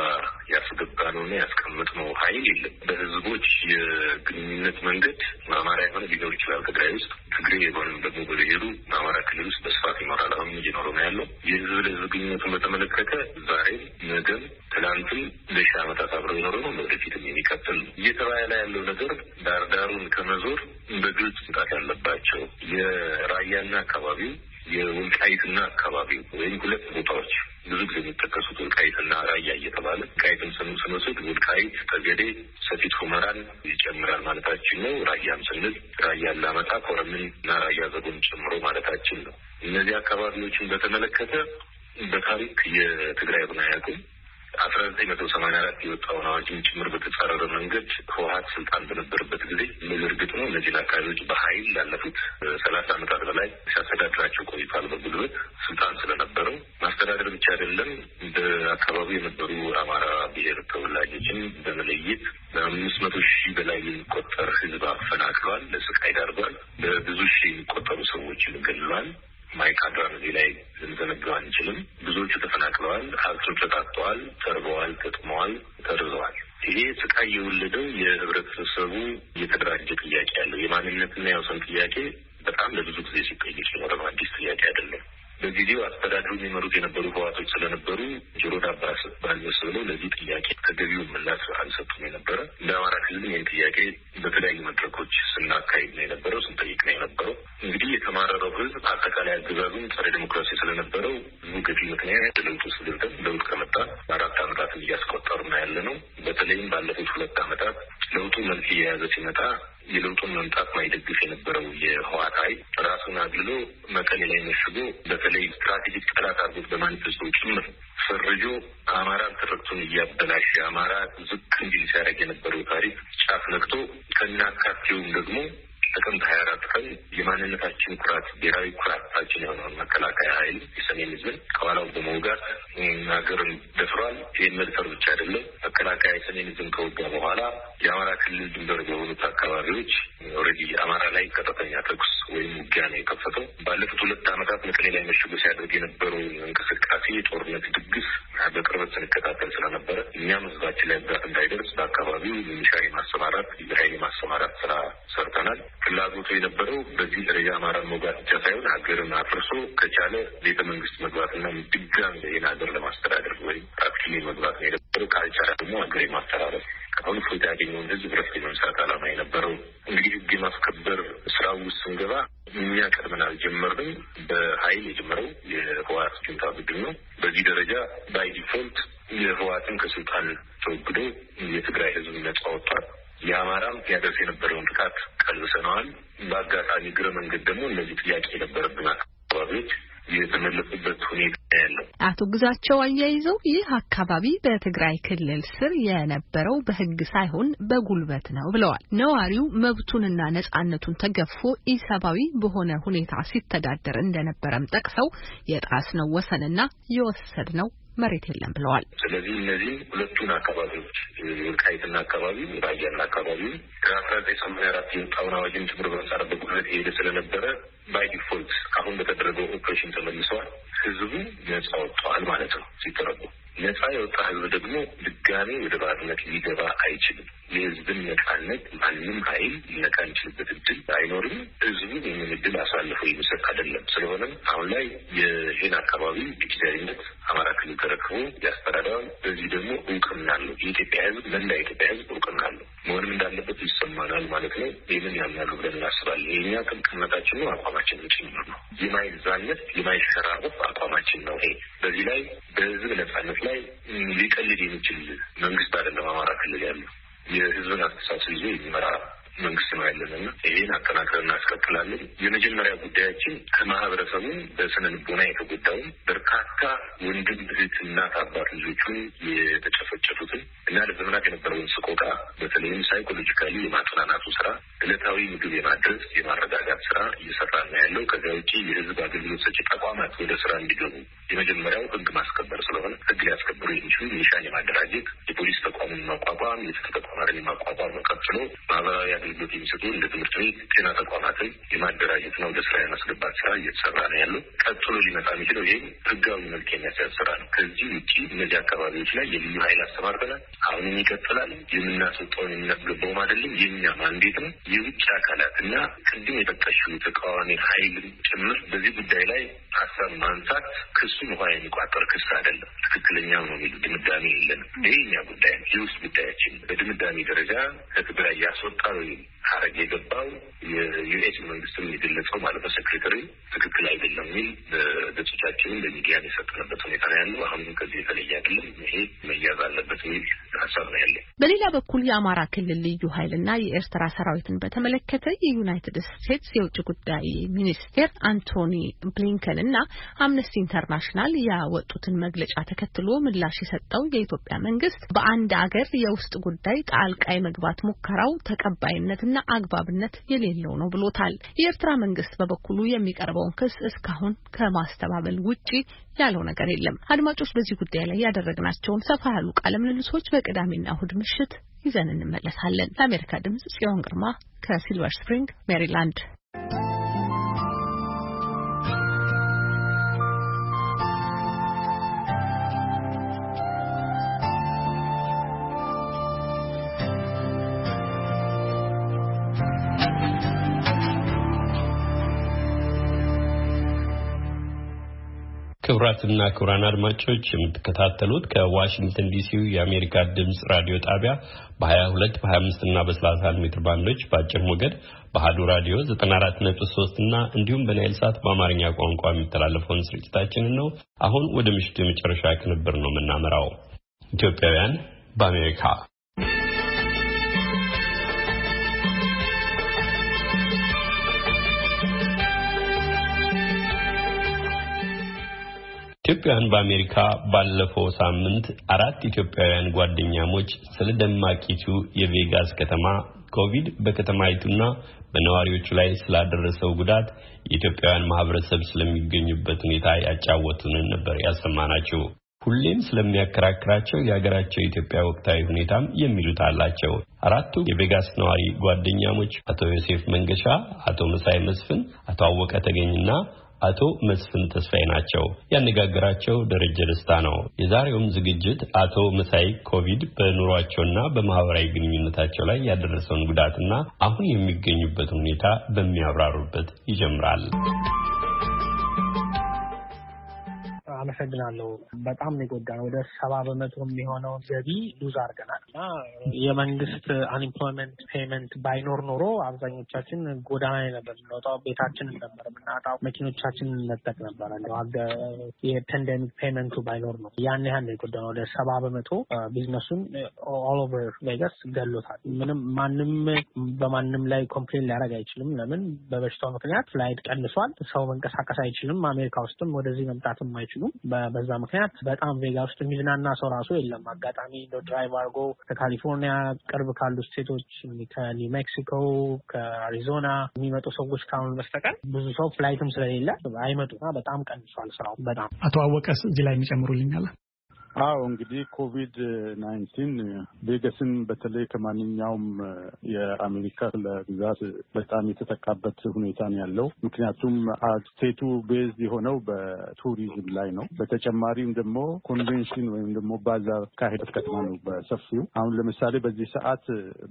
ያስገባ ነውና ያስቀመጥነው ኃይል የለም። በህዝቦች የግንኙነት መንገድ አማራ የሆነ ሊኖር ይችላል ትግራይ ውስጥ ትግሬ የሆነም ደግሞ በብሄሩ በአማራ ክልል ውስጥ በስፋት ይኖራል። አሁን እየኖረ ነው ያለው። የህዝብ ለህዝብ ግንኙነቱን በተመለከተ ዛሬም፣ ነገም፣ ትናንትም ለሺ ዓመታት አብረው የኖረ ነው። ወደፊትም የሚቀጥል ነው እየተባያ ራያ ላይ ያለው ነገር ዳር ዳሩን ከመዞር በግልጽ መውጣት ያለባቸው የራያና አካባቢው የውልቃይትና አካባቢው ወይም ሁለት ቦታዎች ብዙ ጊዜ የሚጠቀሱት ውልቃይትና ራያ እየተባለ ወልቃይትን ስም ስንወስድ ውልቃይት ጠገዴ፣ ሰፊት ሁመራን ይጨምራል ማለታችን ነው። ራያም ስንል ራያን ላመጣ ኮረምን እና ራያ ዘጎን ጨምሮ ማለታችን ነው። እነዚህ አካባቢዎችን በተመለከተ በታሪክ የትግራይ ብና ያቁም አስራ ዘጠኝ መቶ ሰማንያ አራት የወጣውን አዋጅም ጭምር በተጻረረ መንገድ ህወሀት ስልጣን በነበረበት ጊዜ እርግጥ ነው እነዚህን አካባቢዎች በኃይል ላለፉት ሰላሳ ዓመታት በላይ ሲያስተዳድራቸው ቆይቷል። በጉልበት ስልጣን ስለነበረው ማስተዳደር ብቻ አይደለም፣ በአካባቢው የነበሩ አማራ ብሔር ተወላጆችም በመለየት በአምስት መቶ ሺህ በላይ የሚቆጠር ህዝብ አፈናቅሏል፣ ለስቃይ ዳርጓል። በብዙ ሺህ የሚቆጠሩ ሰዎችን ገድሏል። ማይካድራን እዚህ ላይ ልንዘነጋው አንችልም። ብዙዎቹ ተፈናቅለዋል፣ ሀብቶች ተጣጥተዋል፣ ተርበዋል፣ ተጥመዋል፣ ተርዘዋል። ይሄ ስቃይ የወለደው የህብረተሰቡ የተደራጀ ጥያቄ ያለው የማንነትና የወሰን ጥያቄ በጣም ለብዙ ጊዜ ሲጠየቅ የኖረው አዲስ ጥያቄ አይደለም። በጊዜው አስተዳድሩ የሚመሩት የነበሩ ህዋቶች ስለነበሩ ጆሮ ዳባ ባልበስ ብለው ለዚህ ጥያቄ ተገቢውን ምላሽ አልሰጡም የነበረ እንደ አማራ ክልል ይህን ጥያቄ በተለያዩ መድረኮች ስናካሄድ ነው የነበረው፣ ስንጠይቅ ነው የነበረው። እንግዲህ የተማረረው ህዝብ አጠቃላይ አገዛዙም ጸረ ዴሞክራሲ ስለነበረው ብዙ ገፊ ምክንያት ለውጡ ስልልተን ለውጥ ከመጣ አራት አመታትን እያስቆጠሩ ና ያለ ነው። በተለይም ባለፉት ሁለት አመታት ለውጡ መልክ እየያዘ ሲመጣ የለውጡን መምጣት ማይደግፍ የነበረው የህዋት ኃይል ራሱን አግልሎ መቀሌ ላይ መሽጎ በተለይ ስትራቴጂክ ጠላት አድርጎት በማኒፌስቶ ጭምር ፈርጆ አማራን ትርክቱን እያበላሸ አማራ ዝቅ እንዲል ሲያደርግ የነበረው ታሪክ ጫፍ ነክቶ ከናካቴውም ደግሞ ጥቅምት ሀያ አራት ቀን የማንነታችን ኩራት ብሔራዊ ኩራታችን የሆነውን መከላከያ ኃይል የሰሜን ህዝብን ከኋላው በመውጋት ሀገርን ደፍሯል። ይህን መድፈር ብቻ አይደለም። መከላከያ የሰሜን ህዝብን ከወጋ በኋላ የአማራ ክልል ድንበር በሆኑት አካባቢዎች ኦልሬዲ አማራ ላይ ቀጥተኛ ተኩስ ወይም ውጊያ ነው የከፈተው። ባለፉት ሁለት ዓመታት መቀሌ ላይ መሽጎ ሲያደርግ የነበረውን እንቅስቃሴ የጦርነት ድግስ በቅርበት ስንከታተል ስለነበረ እኛም ህዝባችን ላይ ጉዳት እንዳይደርስ በአካባቢው ሚሊሻ የማሰማራት የሀይል ማሰማራት ስራ ሰርተናል። ፍላጎቱ የነበረው በዚህ ደረጃ አማራን መውጋት ብቻ ሳይሆን ሀገርን አፍርሶ ከቻለ ቤተ መንግስት መግባትና ድጋሚ ይህን ሀገር ለማስተዳደር ወይም ፕራክቲ መግባት ነው የነበረው። ካልቻለ ደግሞ ሀገር የማስተራረፍ አሁን እፎይታ ያገኘውን ህዝብ ረፍት የመምሳት አላማ የነበረው እንግዲህ ህግ የማስከበር ስራ ውስጥ ስንገባ እኛ ቀድመን አልጀመርንም። በሀይል የጀመረው የህዋት ጁንታ ቡድን ነው። በዚህ ደረጃ ባይ ዲፎልት የህወሓትን ከስልጣን ተወግዶ የትግራይ ህዝብ ነጻ ወጥቷል። የአማራም ያደርስ የነበረውን ጥቃት ቀልብሰነዋል። በአጋጣሚ እግረ መንገድ ደግሞ እነዚህ ጥያቄ የነበረብን አካባቢዎች የተመለሱበት ሁኔታ ያለው። አቶ ግዛቸው አያይዘው ይህ አካባቢ በትግራይ ክልል ስር የነበረው በህግ ሳይሆን በጉልበት ነው ብለዋል። ነዋሪው መብቱንና ነጻነቱን ተገፎ ኢሰብአዊ በሆነ ሁኔታ ሲተዳደር እንደነበረም ጠቅሰው የጣስነው ወሰንና የወሰድነው መሬት የለም ብለዋል። ስለዚህ እነዚህም ሁለቱን አካባቢዎች ወልቃይትና አካባቢ ራያና አካባቢ ከአስራ ዘጠኝ ሰማንያ አራት የወጣውን አዋጅም ትምህር በመሰረት በጉልበት የሄደ ስለነበረ ባይ ዲፎልት አሁን በተደረገው ኦፕሬሽን ተመልሰዋል። ህዝቡ ነጻ ወጥተዋል ማለት ነው ሲተረጉ ነጻ የወጣ ህዝብ ደግሞ ድጋሜ ወደ ባርነት ሊገባ አይችልም። የህዝብን ነጻነት ማንም ኃይል ሊነካ የሚችልበት እድል አይኖርም። ህዝቡ ይህንን እድል አሳልፎ የሚሰጥ አይደለም። ስለሆነም አሁን ላይ ይህን አካባቢ በጊዜያዊነት አማራ ክልል ተረክቦ ያስተዳድራል። በዚህ ደግሞ እውቅና አለው። የኢትዮጵያ ህዝብ መላ የኢትዮጵያ ህዝብ እውቅና አለው። መሆንም እንዳለበት ይሰማናል ማለት ነው። ይህንን ያምናሉ ብለን እናስባለን። የእኛ ጥልቅነታችን ነው፣ አቋማችን ጭምር ነው። የማይዛነት የማይሸራረፍ አቋማችን ነው። ይሄ በዚህ ላይ በህዝብ ነጻነት ላይ ሊቀልድ የሚችል መንግስት አይደለም አማራ ክልል ያለው የህዝብን አስተሳሰብ ይዞ የሚመራ መንግስት ነው ያለን እና ይህን አጠናክረን እናስቀጥላለን። የመጀመሪያ ጉዳያችን ከማህበረሰቡ በስነ ልቦና የተጎዳውን በርካታ ወንድም፣ እህት፣ እናት፣ አባት ልጆቹን የተጨፈጨፉትን እና ለዘመናት የነበረውን ስቆቃ በተለይም ሳይኮሎጂካሊ የማጽናናቱ ስራ፣ እለታዊ ምግብ የማድረስ የማረጋጋት ስራ እየሰራ ነው ያለው። ከዚያ ውጭ የህዝብ አገልግሎት ሰጪ ተቋማት ወደ ስራ እንዲገቡ የመጀመሪያው ህግ ማስከበር ስለሆነ ህግ ሊያስከብሩ የሚችሉ ሚሊሻን የማደራጀት የፖሊስ ተቋሙን ማቋቋም፣ የፍትህ ተቋማትን የማቋቋም ቀጥሎ ማህበራዊ አገልግሎት የሚሰጡ እንደ ትምህርት ቤት፣ ጤና ተቋማትን የማደራጀት ነው ወደ ስራ የማስገባት ስራ እየተሰራ ነው ያለው። ቀጥሎ ሊመጣ የሚችለው ይህም ህጋዊ መልክ የሚያሳያዝ ስራ ነው። ከዚህ ውጭ እነዚህ አካባቢዎች ላይ የልዩ ኃይል አሰማርተናል። አሁንም ይቀጥላል። የምናስወጣውን የምናስገባውም አይደለም የኛ ማንዴት ነው። የውጭ አካላት እና ቅድም የጠቀሽው ተቃዋሚ ኃይል ጭምር በዚህ ጉዳይ ላይ ሀሳብ ማንሳት ክሱ ውሃ የሚቋጠር ክስ አይደለም። ትክክለኛ ነው የሚሉ ድምዳሜ የለንም። ይሄ እኛ ጉዳይ ነው፣ የውስጥ ጉዳያችን በድምዳሜ ደረጃ ከትግራይ ያስወጣ ሀረግ የገባው የዩኤስ መንግስትም የገለጸው ማለት ነው ሴክሬታሪ ትክክል አይደለም የሚል በገጾቻችንም በሚዲያን የሰጠንበት ሁኔታ ነው ያለው። አሁን ከዚህ የተለየ አይደለም። ይሄ መያዝ አለበት የሚል ሀሳብ ነው ያለ። በሌላ በኩል የአማራ ክልል ልዩ ኃይልና የኤርትራ ሰራዊትን በተመለከተ የዩናይትድ ስቴትስ የውጭ ጉዳይ ሚኒስቴር አንቶኒ ብሊንከን እና አምነስቲ ኢንተርናሽናል ያወጡትን መግለጫ ተከትሎ ምላሽ የሰጠው የኢትዮጵያ መንግስት በአንድ አገር የውስጥ ጉዳይ ጣልቃ የመግባት ሙከራው ተቀባይ ተገቢነትና አግባብነት የሌለው ነው ብሎታል። የኤርትራ መንግስት በበኩሉ የሚቀርበውን ክስ እስካሁን ከማስተባበል ውጪ ያለው ነገር የለም። አድማጮች፣ በዚህ ጉዳይ ላይ ያደረግናቸውን ሰፋ ያሉ ቃለ ምልልሶች በቅዳሜና እሁድ ምሽት ይዘን እንመለሳለን። ለአሜሪካ ድምጽ ጽዮን ግርማ ከሲልቨር ስፕሪንግ ሜሪላንድ ክቡራትና ክቡራን አድማጮች የምትከታተሉት ከዋሽንግተን ዲሲው የአሜሪካ ድምፅ ራዲዮ ጣቢያ በ22 በ25 እና በ31 ሜትር ባንዶች በአጭር ሞገድ በአሀዱ ራዲዮ 94.3 እና እንዲሁም በናይል ሳት በአማርኛ ቋንቋ የሚተላለፈውን ስርጭታችንን ነው። አሁን ወደ ምሽቱ የመጨረሻ ቅንብር ነው የምናመራው። ኢትዮጵያውያን በአሜሪካ ኢትዮጵያውያን በአሜሪካ ባለፈው ሳምንት አራት ኢትዮጵያውያን ጓደኛሞች ስለ ደማቂቱ የቬጋስ ከተማ ኮቪድ በከተማይቱና በነዋሪዎቹ ላይ ስላደረሰው ጉዳት የኢትዮጵያውያን ማህበረሰብ ስለሚገኙበት ሁኔታ ያጫወቱንን ነበር ያሰማናቸው። ሁሌም ስለሚያከራክራቸው የሀገራቸው የኢትዮጵያ ወቅታዊ ሁኔታም የሚሉት አላቸው። አራቱ የቬጋስ ነዋሪ ጓደኛሞች አቶ ዮሴፍ መንገሻ፣ አቶ መሳይ መስፍን፣ አቶ አወቀ ተገኝና አቶ መስፍን ተስፋዬ ናቸው። ያነጋገራቸው ደረጀ ደስታ ነው። የዛሬውም ዝግጅት አቶ መሳይ ኮቪድ በኑሯቸውና በማህበራዊ ግንኙነታቸው ላይ ያደረሰውን ጉዳትና አሁን የሚገኙበትን ሁኔታ በሚያብራሩበት ይጀምራል። አመሰግናለሁ። በጣም ነው የጎዳ ነው። ወደ ሰባ በመቶ የሚሆነው ገቢ ሉዝ አድርገናል እና የመንግስት አንኤምፕሎይመንት ፔመንት ባይኖር ኖሮ አብዛኞቻችን ጎዳና ነበር የምንወጣው፣ ቤታችንን ነበር የምናጣው፣ መኪኖቻችንን እንነጠቅ ነበረ። የፓንደሚክ ፔመንቱ ባይኖር ነው ያን ያህል ነው የጎዳ ወደ ሰባ በመቶ ቢዝነሱን ኦል ኦቨር ቬጋስ ገሎታል። ምንም ማንም በማንም ላይ ኮምፕሌን ሊያደርግ አይችልም። ለምን በበሽታው ምክንያት ፍላይት ቀንሷል። ሰው መንቀሳቀስ አይችልም። አሜሪካ ውስጥም ወደዚህ መምጣትም አይችሉም። በዛ ምክንያት በጣም ቬጋ ውስጥ የሚዝናና ሰው ራሱ የለም። አጋጣሚ ድራይቭ አርጎ ከካሊፎርኒያ ቅርብ ካሉ ስቴቶች ከኒው ሜክሲኮ፣ ከአሪዞና የሚመጡ ሰዎች ካሁን በስተቀር ብዙ ሰው ፍላይትም ስለሌለ አይመጡና በጣም ቀንሷል ስራው በጣም አቶ አወቀስ እዚህ ላይ የሚጨምሩልኛል አዎ እንግዲህ ኮቪድ ናይንቲን ቬጋስን በተለይ ከማንኛውም የአሜሪካ ለግዛት በጣም የተጠቃበት ሁኔታ ነው ያለው። ምክንያቱም ስቴቱ ቤዝ የሆነው በቱሪዝም ላይ ነው። በተጨማሪም ደግሞ ኮንቬንሽን ወይም ደግሞ ባዛር ካሄደት ከተማ ነው በሰፊው። አሁን ለምሳሌ በዚህ ሰዓት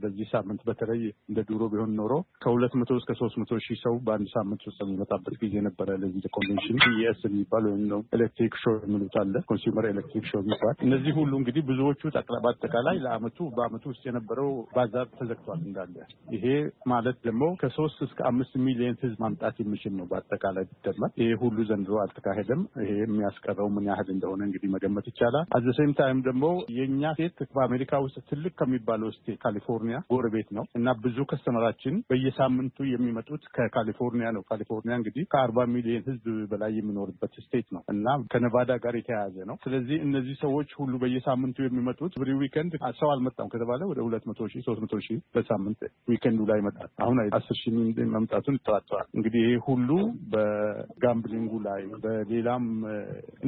በዚህ ሳምንት በተለይ እንደ ድሮ ቢሆን ኖሮ ከሁለት መቶ እስከ ሶስት መቶ ሺህ ሰው በአንድ ሳምንት ውስጥ የሚመጣበት ጊዜ ነበረ። ለዚህ ኮንቬንሽን ፒኤስ የሚባል ወይም ኤሌክትሪክ ሾ የሚሉት አለ ኮንሱመር ኤሌክትሪክ ሾ ተዘግቷል። እነዚህ ሁሉ እንግዲህ ብዙዎቹ በአጠቃላይ ለአመቱ በአመቱ ውስጥ የነበረው ባዛር ተዘግቷል እንዳለ። ይሄ ማለት ደግሞ ከሶስት እስከ አምስት ሚሊዮን ህዝብ ማምጣት የሚችል ነው በአጠቃላይ ቢደመር። ይሄ ሁሉ ዘንድሮ አልተካሄደም። ይሄ የሚያስቀረው ምን ያህል እንደሆነ እንግዲህ መገመት ይቻላል። አዘሴም ታይም ደግሞ የእኛ ሴት በአሜሪካ ውስጥ ትልቅ ከሚባለው ስቴት ካሊፎርኒያ ጎረቤት ነው እና ብዙ ከስተመራችን በየሳምንቱ የሚመጡት ከካሊፎርኒያ ነው። ካሊፎርኒያ እንግዲህ ከአርባ ሚሊዮን ህዝብ በላይ የሚኖርበት ስቴት ነው እና ከነቫዳ ጋር የተያያዘ ነው። ስለዚህ እነዚህ ሰዎች ሁሉ በየሳምንቱ የሚመጡት ብሪ ዊከንድ ሰው አልመጣም ከተባለ ወደ ሁለት መቶ ሺህ ሶስት መቶ ሺህ በሳምንት ዊከንዱ ላይ ይመጣል። አሁን አስር ሺህ መምጣቱን ይጠራጠራል። እንግዲህ ይሄ ሁሉ በጋምብሊንጉ ላይ በሌላም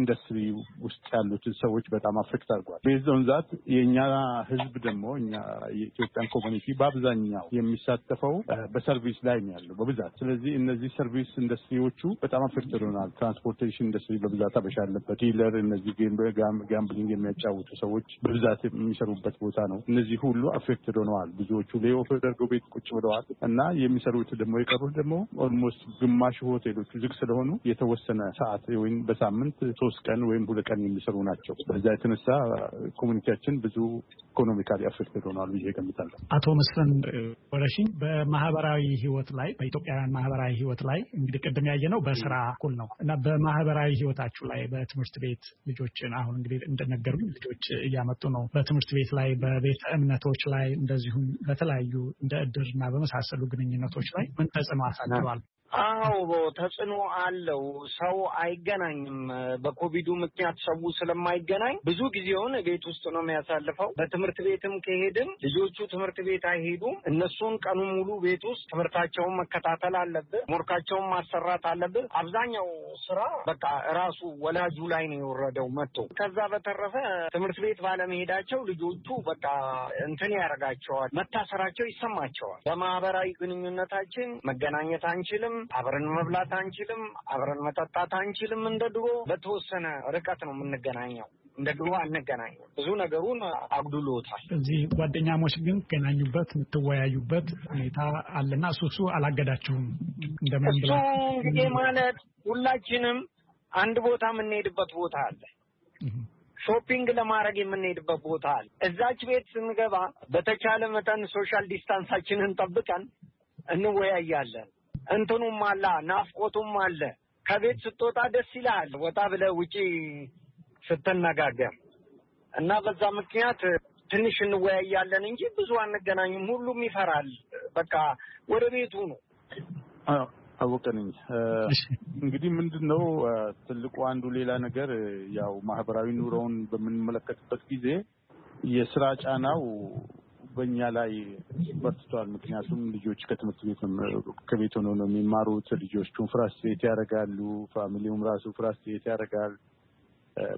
ኢንዱስትሪ ውስጥ ያሉትን ሰዎች በጣም አፌክት አድርጓል። ቤዞን ዛት የእኛ ህዝብ ደግሞ እኛ የኢትዮጵያን ኮሚኒቲ በአብዛኛው የሚሳተፈው በሰርቪስ ላይ ነው ያለው በብዛት። ስለዚህ እነዚህ ሰርቪስ ኢንዱስትሪዎቹ በጣም አፌክት ሆናል። ትራንስፖርቴሽን ኢንዱስትሪ በብዛት አበሻ አለበት። ዲለር እነዚህ ጋምብሊንግ የሚያጫውቱ ሰዎች በብዛት የሚሰሩበት ቦታ ነው። እነዚህ ሁሉ አፌክትድ ሆነዋል። ብዙዎቹ ሌኦፍ ተደርገው ቤት ቁጭ ብለዋል እና የሚሰሩት ደግሞ የቀሩት ደግሞ ኦልሞስት ግማሽ ሆቴሎቹ ዝግ ስለሆኑ የተወሰነ ሰዓት ወይም በሳምንት ሶስት ቀን ወይም ሁለት ቀን የሚሰሩ ናቸው። በዛ የተነሳ ኮሚኒቲያችን ብዙ ኢኮኖሚካሊ አፌክትድ ሆነዋል ብዬ እገምታለሁ። አቶ መስፍን ወረሽኝ በማህበራዊ ህይወት ላይ በኢትዮጵያውያን ማህበራዊ ህይወት ላይ እንግዲህ ቅድም ያየ ነው በስራ እኩል ነው እና በማህበራዊ ህይወታችሁ ላይ በትምህርት ቤት ልጆችን አሁን እንግዲህ እንደነገሩ ልጆች እያመጡ ነው በትምህርት ቤት ላይ በቤተ እምነቶች ላይ እንደዚሁም በተለያዩ እንደ እና በመሳሰሉ ግንኙነቶች ላይ ምን ተጽዕኖ አሳድሯል? አዎ ተጽዕኖ አለው። ሰው አይገናኝም። በኮቪዱ ምክንያት ሰው ስለማይገናኝ ብዙ ጊዜውን ቤት ውስጥ ነው የሚያሳልፈው። በትምህርት ቤትም ከሄድም ልጆቹ ትምህርት ቤት አይሄዱም። እነሱን ቀኑ ሙሉ ቤት ውስጥ ትምህርታቸውን መከታተል አለብህ፣ ሞርካቸውን ማሰራት አለብህ። አብዛኛው ስራ በቃ ራሱ ወላጁ ላይ ነው የወረደው መጥቶ። ከዛ በተረፈ ትምህርት ቤት ባለመሄዳቸው ልጆቹ በቃ እንትን ያደርጋቸዋል፣ መታሰራቸው ይሰማቸዋል። በማህበራዊ ግንኙነታችን መገናኘት አንችልም። አብረን መብላት አንችልም፣ አብረን መጠጣት አንችልም። እንደ ድሮ በተወሰነ ርቀት ነው የምንገናኘው። እንደ ድሮ አንገናኝም። ብዙ ነገሩን አጉድሎታል። እዚህ ጓደኛሞች ግን ገናኙበት የምትወያዩበት ሁኔታ አለና እሱ እሱ አላገዳችሁም። እሱ እንግዲህ ማለት ሁላችንም አንድ ቦታ የምንሄድበት ቦታ አለ ሾፒንግ ለማድረግ የምንሄድበት ቦታ አለ። እዛች ቤት ስንገባ በተቻለ መጠን ሶሻል ዲስታንሳችንን ጠብቀን እንወያያለን። እንትኑም አለ፣ ናፍቆቱም አለ። ከቤት ስትወጣ ደስ ይላል ወጣ ብለህ ውጪ ስትነጋገር እና በዛ ምክንያት ትንሽ እንወያያለን እንጂ ብዙ አንገናኝም። ሁሉም ይፈራል። በቃ ወደ ቤቱ ነው። አወቀ ነኝ። እንግዲህ ምንድን ነው ትልቁ አንዱ ሌላ ነገር ያው ማህበራዊ ኑሮውን በምንመለከትበት ጊዜ የስራ ጫናው በእኛ ላይ በርትቷል። ምክንያቱም ልጆች ከትምህርት ቤት ከቤት ሆነው ነው የሚማሩት። ልጆቹን ፍራስትሬት ያደርጋሉ። ፋሚሊውም ራሱ ፍራስትሬት ያደርጋል።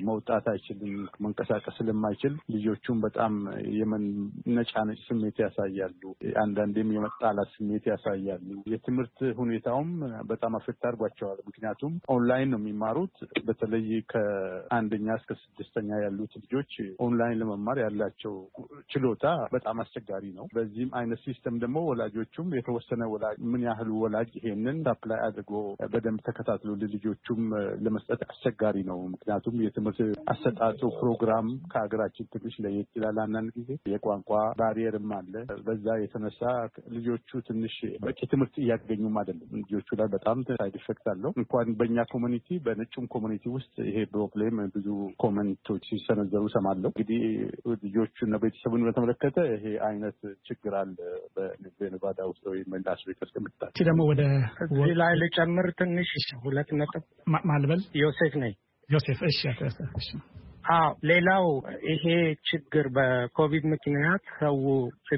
መውጣት አይችልም፣ መንቀሳቀስ ስለማይችል ልጆቹም በጣም የመነጫነጭ ስሜት ያሳያሉ። አንዳንዴም የመጣላት ስሜት ያሳያሉ። የትምህርት ሁኔታውም በጣም አፌክት አድርጓቸዋል። ምክንያቱም ኦንላይን ነው የሚማሩት። በተለይ ከአንደኛ እስከ ስድስተኛ ያሉት ልጆች ኦንላይን ለመማር ያላቸው ችሎታ በጣም አስቸጋሪ ነው። በዚህም አይነት ሲስተም ደግሞ ወላጆቹም የተወሰነ ወላጅ ምን ያህሉ ወላጅ ይሄንን አፕላይ አድርጎ በደንብ ተከታትሎ ለልጆቹም ለመስጠት አስቸጋሪ ነው። ምክንያቱም የትምህርት አሰጣጡ ፕሮግራም ከሀገራችን ትንሽ ለየት ይላል። አንዳንድ ጊዜ የቋንቋ ባሪየርም አለ። በዛ የተነሳ ልጆቹ ትንሽ በቂ ትምህርት እያገኙም አይደለም። ልጆቹ ላይ በጣም ሳይድ ኢፌክት አለው። እንኳን በእኛ ኮሚኒቲ፣ በነጩም ኮሚኒቲ ውስጥ ይሄ ፕሮብሌም ብዙ ኮመንቶች ሲሰነዘሩ ሰማለሁ። እንግዲህ ልጆቹና ቤተሰቡን በተመለከተ ይሄ አይነት ችግር አለ በኔቫዳ ውስጥ ወይም ላስ ቬጋስ ከምትታል ደግሞ ወደ ላይ ልጨምር ትንሽ ሁለት ነጥብ ማልበል ዮሴፍ ነኝ Joseph, es አዎ ሌላው ይሄ ችግር በኮቪድ ምክንያት ሰው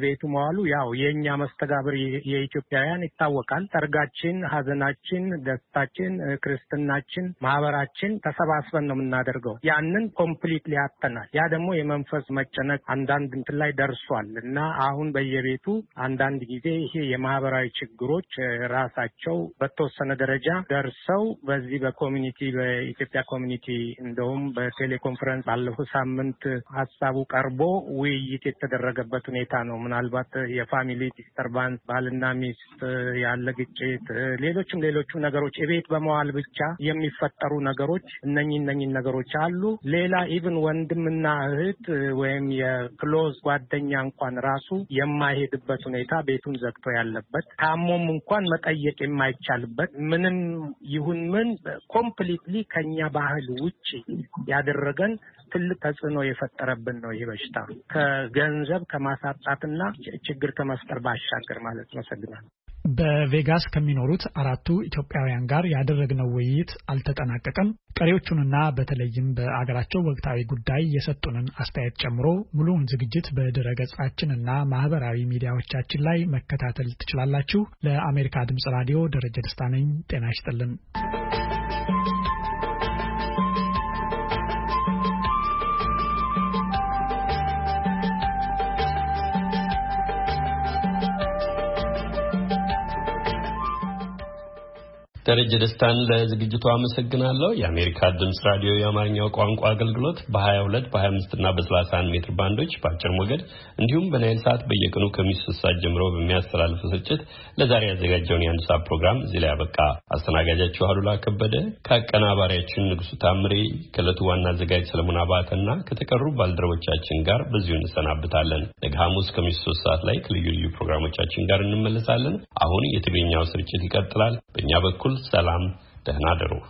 ቤቱ መዋሉ ያው የእኛ መስተጋብር የኢትዮጵያውያን ይታወቃል። ሰርጋችን፣ ሀዘናችን፣ ደስታችን፣ ክርስትናችን፣ ማህበራችን ተሰባስበን ነው የምናደርገው። ያንን ኮምፕሊት ሊያተናል። ያ ደግሞ የመንፈስ መጨነቅ አንዳንድ እንትን ላይ ደርሷል እና አሁን በየቤቱ አንዳንድ ጊዜ ይሄ የማህበራዊ ችግሮች ራሳቸው በተወሰነ ደረጃ ደርሰው በዚህ በኮሚኒቲ በኢትዮጵያ ኮሚኒቲ እንደውም በቴሌኮንፈረንስ ባለፈው ሳምንት ሀሳቡ ቀርቦ ውይይት የተደረገበት ሁኔታ ነው። ምናልባት የፋሚሊ ዲስተርባንስ ባልና ሚስት ያለ ግጭት፣ ሌሎችም ሌሎችም ነገሮች የቤት በመዋል ብቻ የሚፈጠሩ ነገሮች እነኝ እነኝን ነገሮች አሉ። ሌላ ኢቭን ወንድምና እህት ወይም የክሎዝ ጓደኛ እንኳን ራሱ የማይሄድበት ሁኔታ ቤቱን ዘግቶ ያለበት ታሞም እንኳን መጠየቅ የማይቻልበት ምንም ይሁን ምን ኮምፕሊትሊ ከኛ ባህል ውጭ ያደረገን ትልቅ ተጽዕኖ የፈጠረብን ነው ይህ በሽታ ከገንዘብ ከማሳጣትና ችግር ከመፍጠር ባሻገር ማለት መሰግናል። በቬጋስ ከሚኖሩት አራቱ ኢትዮጵያውያን ጋር ያደረግነው ውይይት አልተጠናቀቀም። ቀሪዎቹንና በተለይም በአገራቸው ወቅታዊ ጉዳይ የሰጡንን አስተያየት ጨምሮ ሙሉውን ዝግጅት በድረ ገጻችንና ማህበራዊ ሚዲያዎቻችን ላይ መከታተል ትችላላችሁ። ለአሜሪካ ድምጽ ራዲዮ ደረጀ ደስታ ነኝ። ጤና ይስጥልን። ደረጀ ደስታን ለዝግጅቱ አመሰግናለሁ። የአሜሪካ ድምጽ ራዲዮ የአማርኛው ቋንቋ አገልግሎት በ22 በ25 እና በ31 ሜትር ባንዶች በአጭር ሞገድ እንዲሁም በናይል ሰዓት በየቀኑ ከምሽቱ ሰዓት ጀምሮ በሚያስተላልፍ ስርጭት ለዛሬ ያዘጋጀውን የአንድ ሰዓት ፕሮግራም እዚህ ላይ ያበቃ። አስተናጋጃችሁ አሉላ ከበደ ከአቀናባሪያችን ንጉሱ ታምሬ ከእለቱ ዋና አዘጋጅ ሰለሞን አባተና ከተቀሩ ባልደረቦቻችን ጋር በዚሁ እንሰናብታለን። ነገ ሐሙስ ሶስት ሰዓት ላይ ከልዩ ልዩ ፕሮግራሞቻችን ጋር እንመለሳለን። አሁን የትግርኛው ስርጭት ይቀጥላል። በእኛ በኩል ሰላም፣ ደህና አደሩ።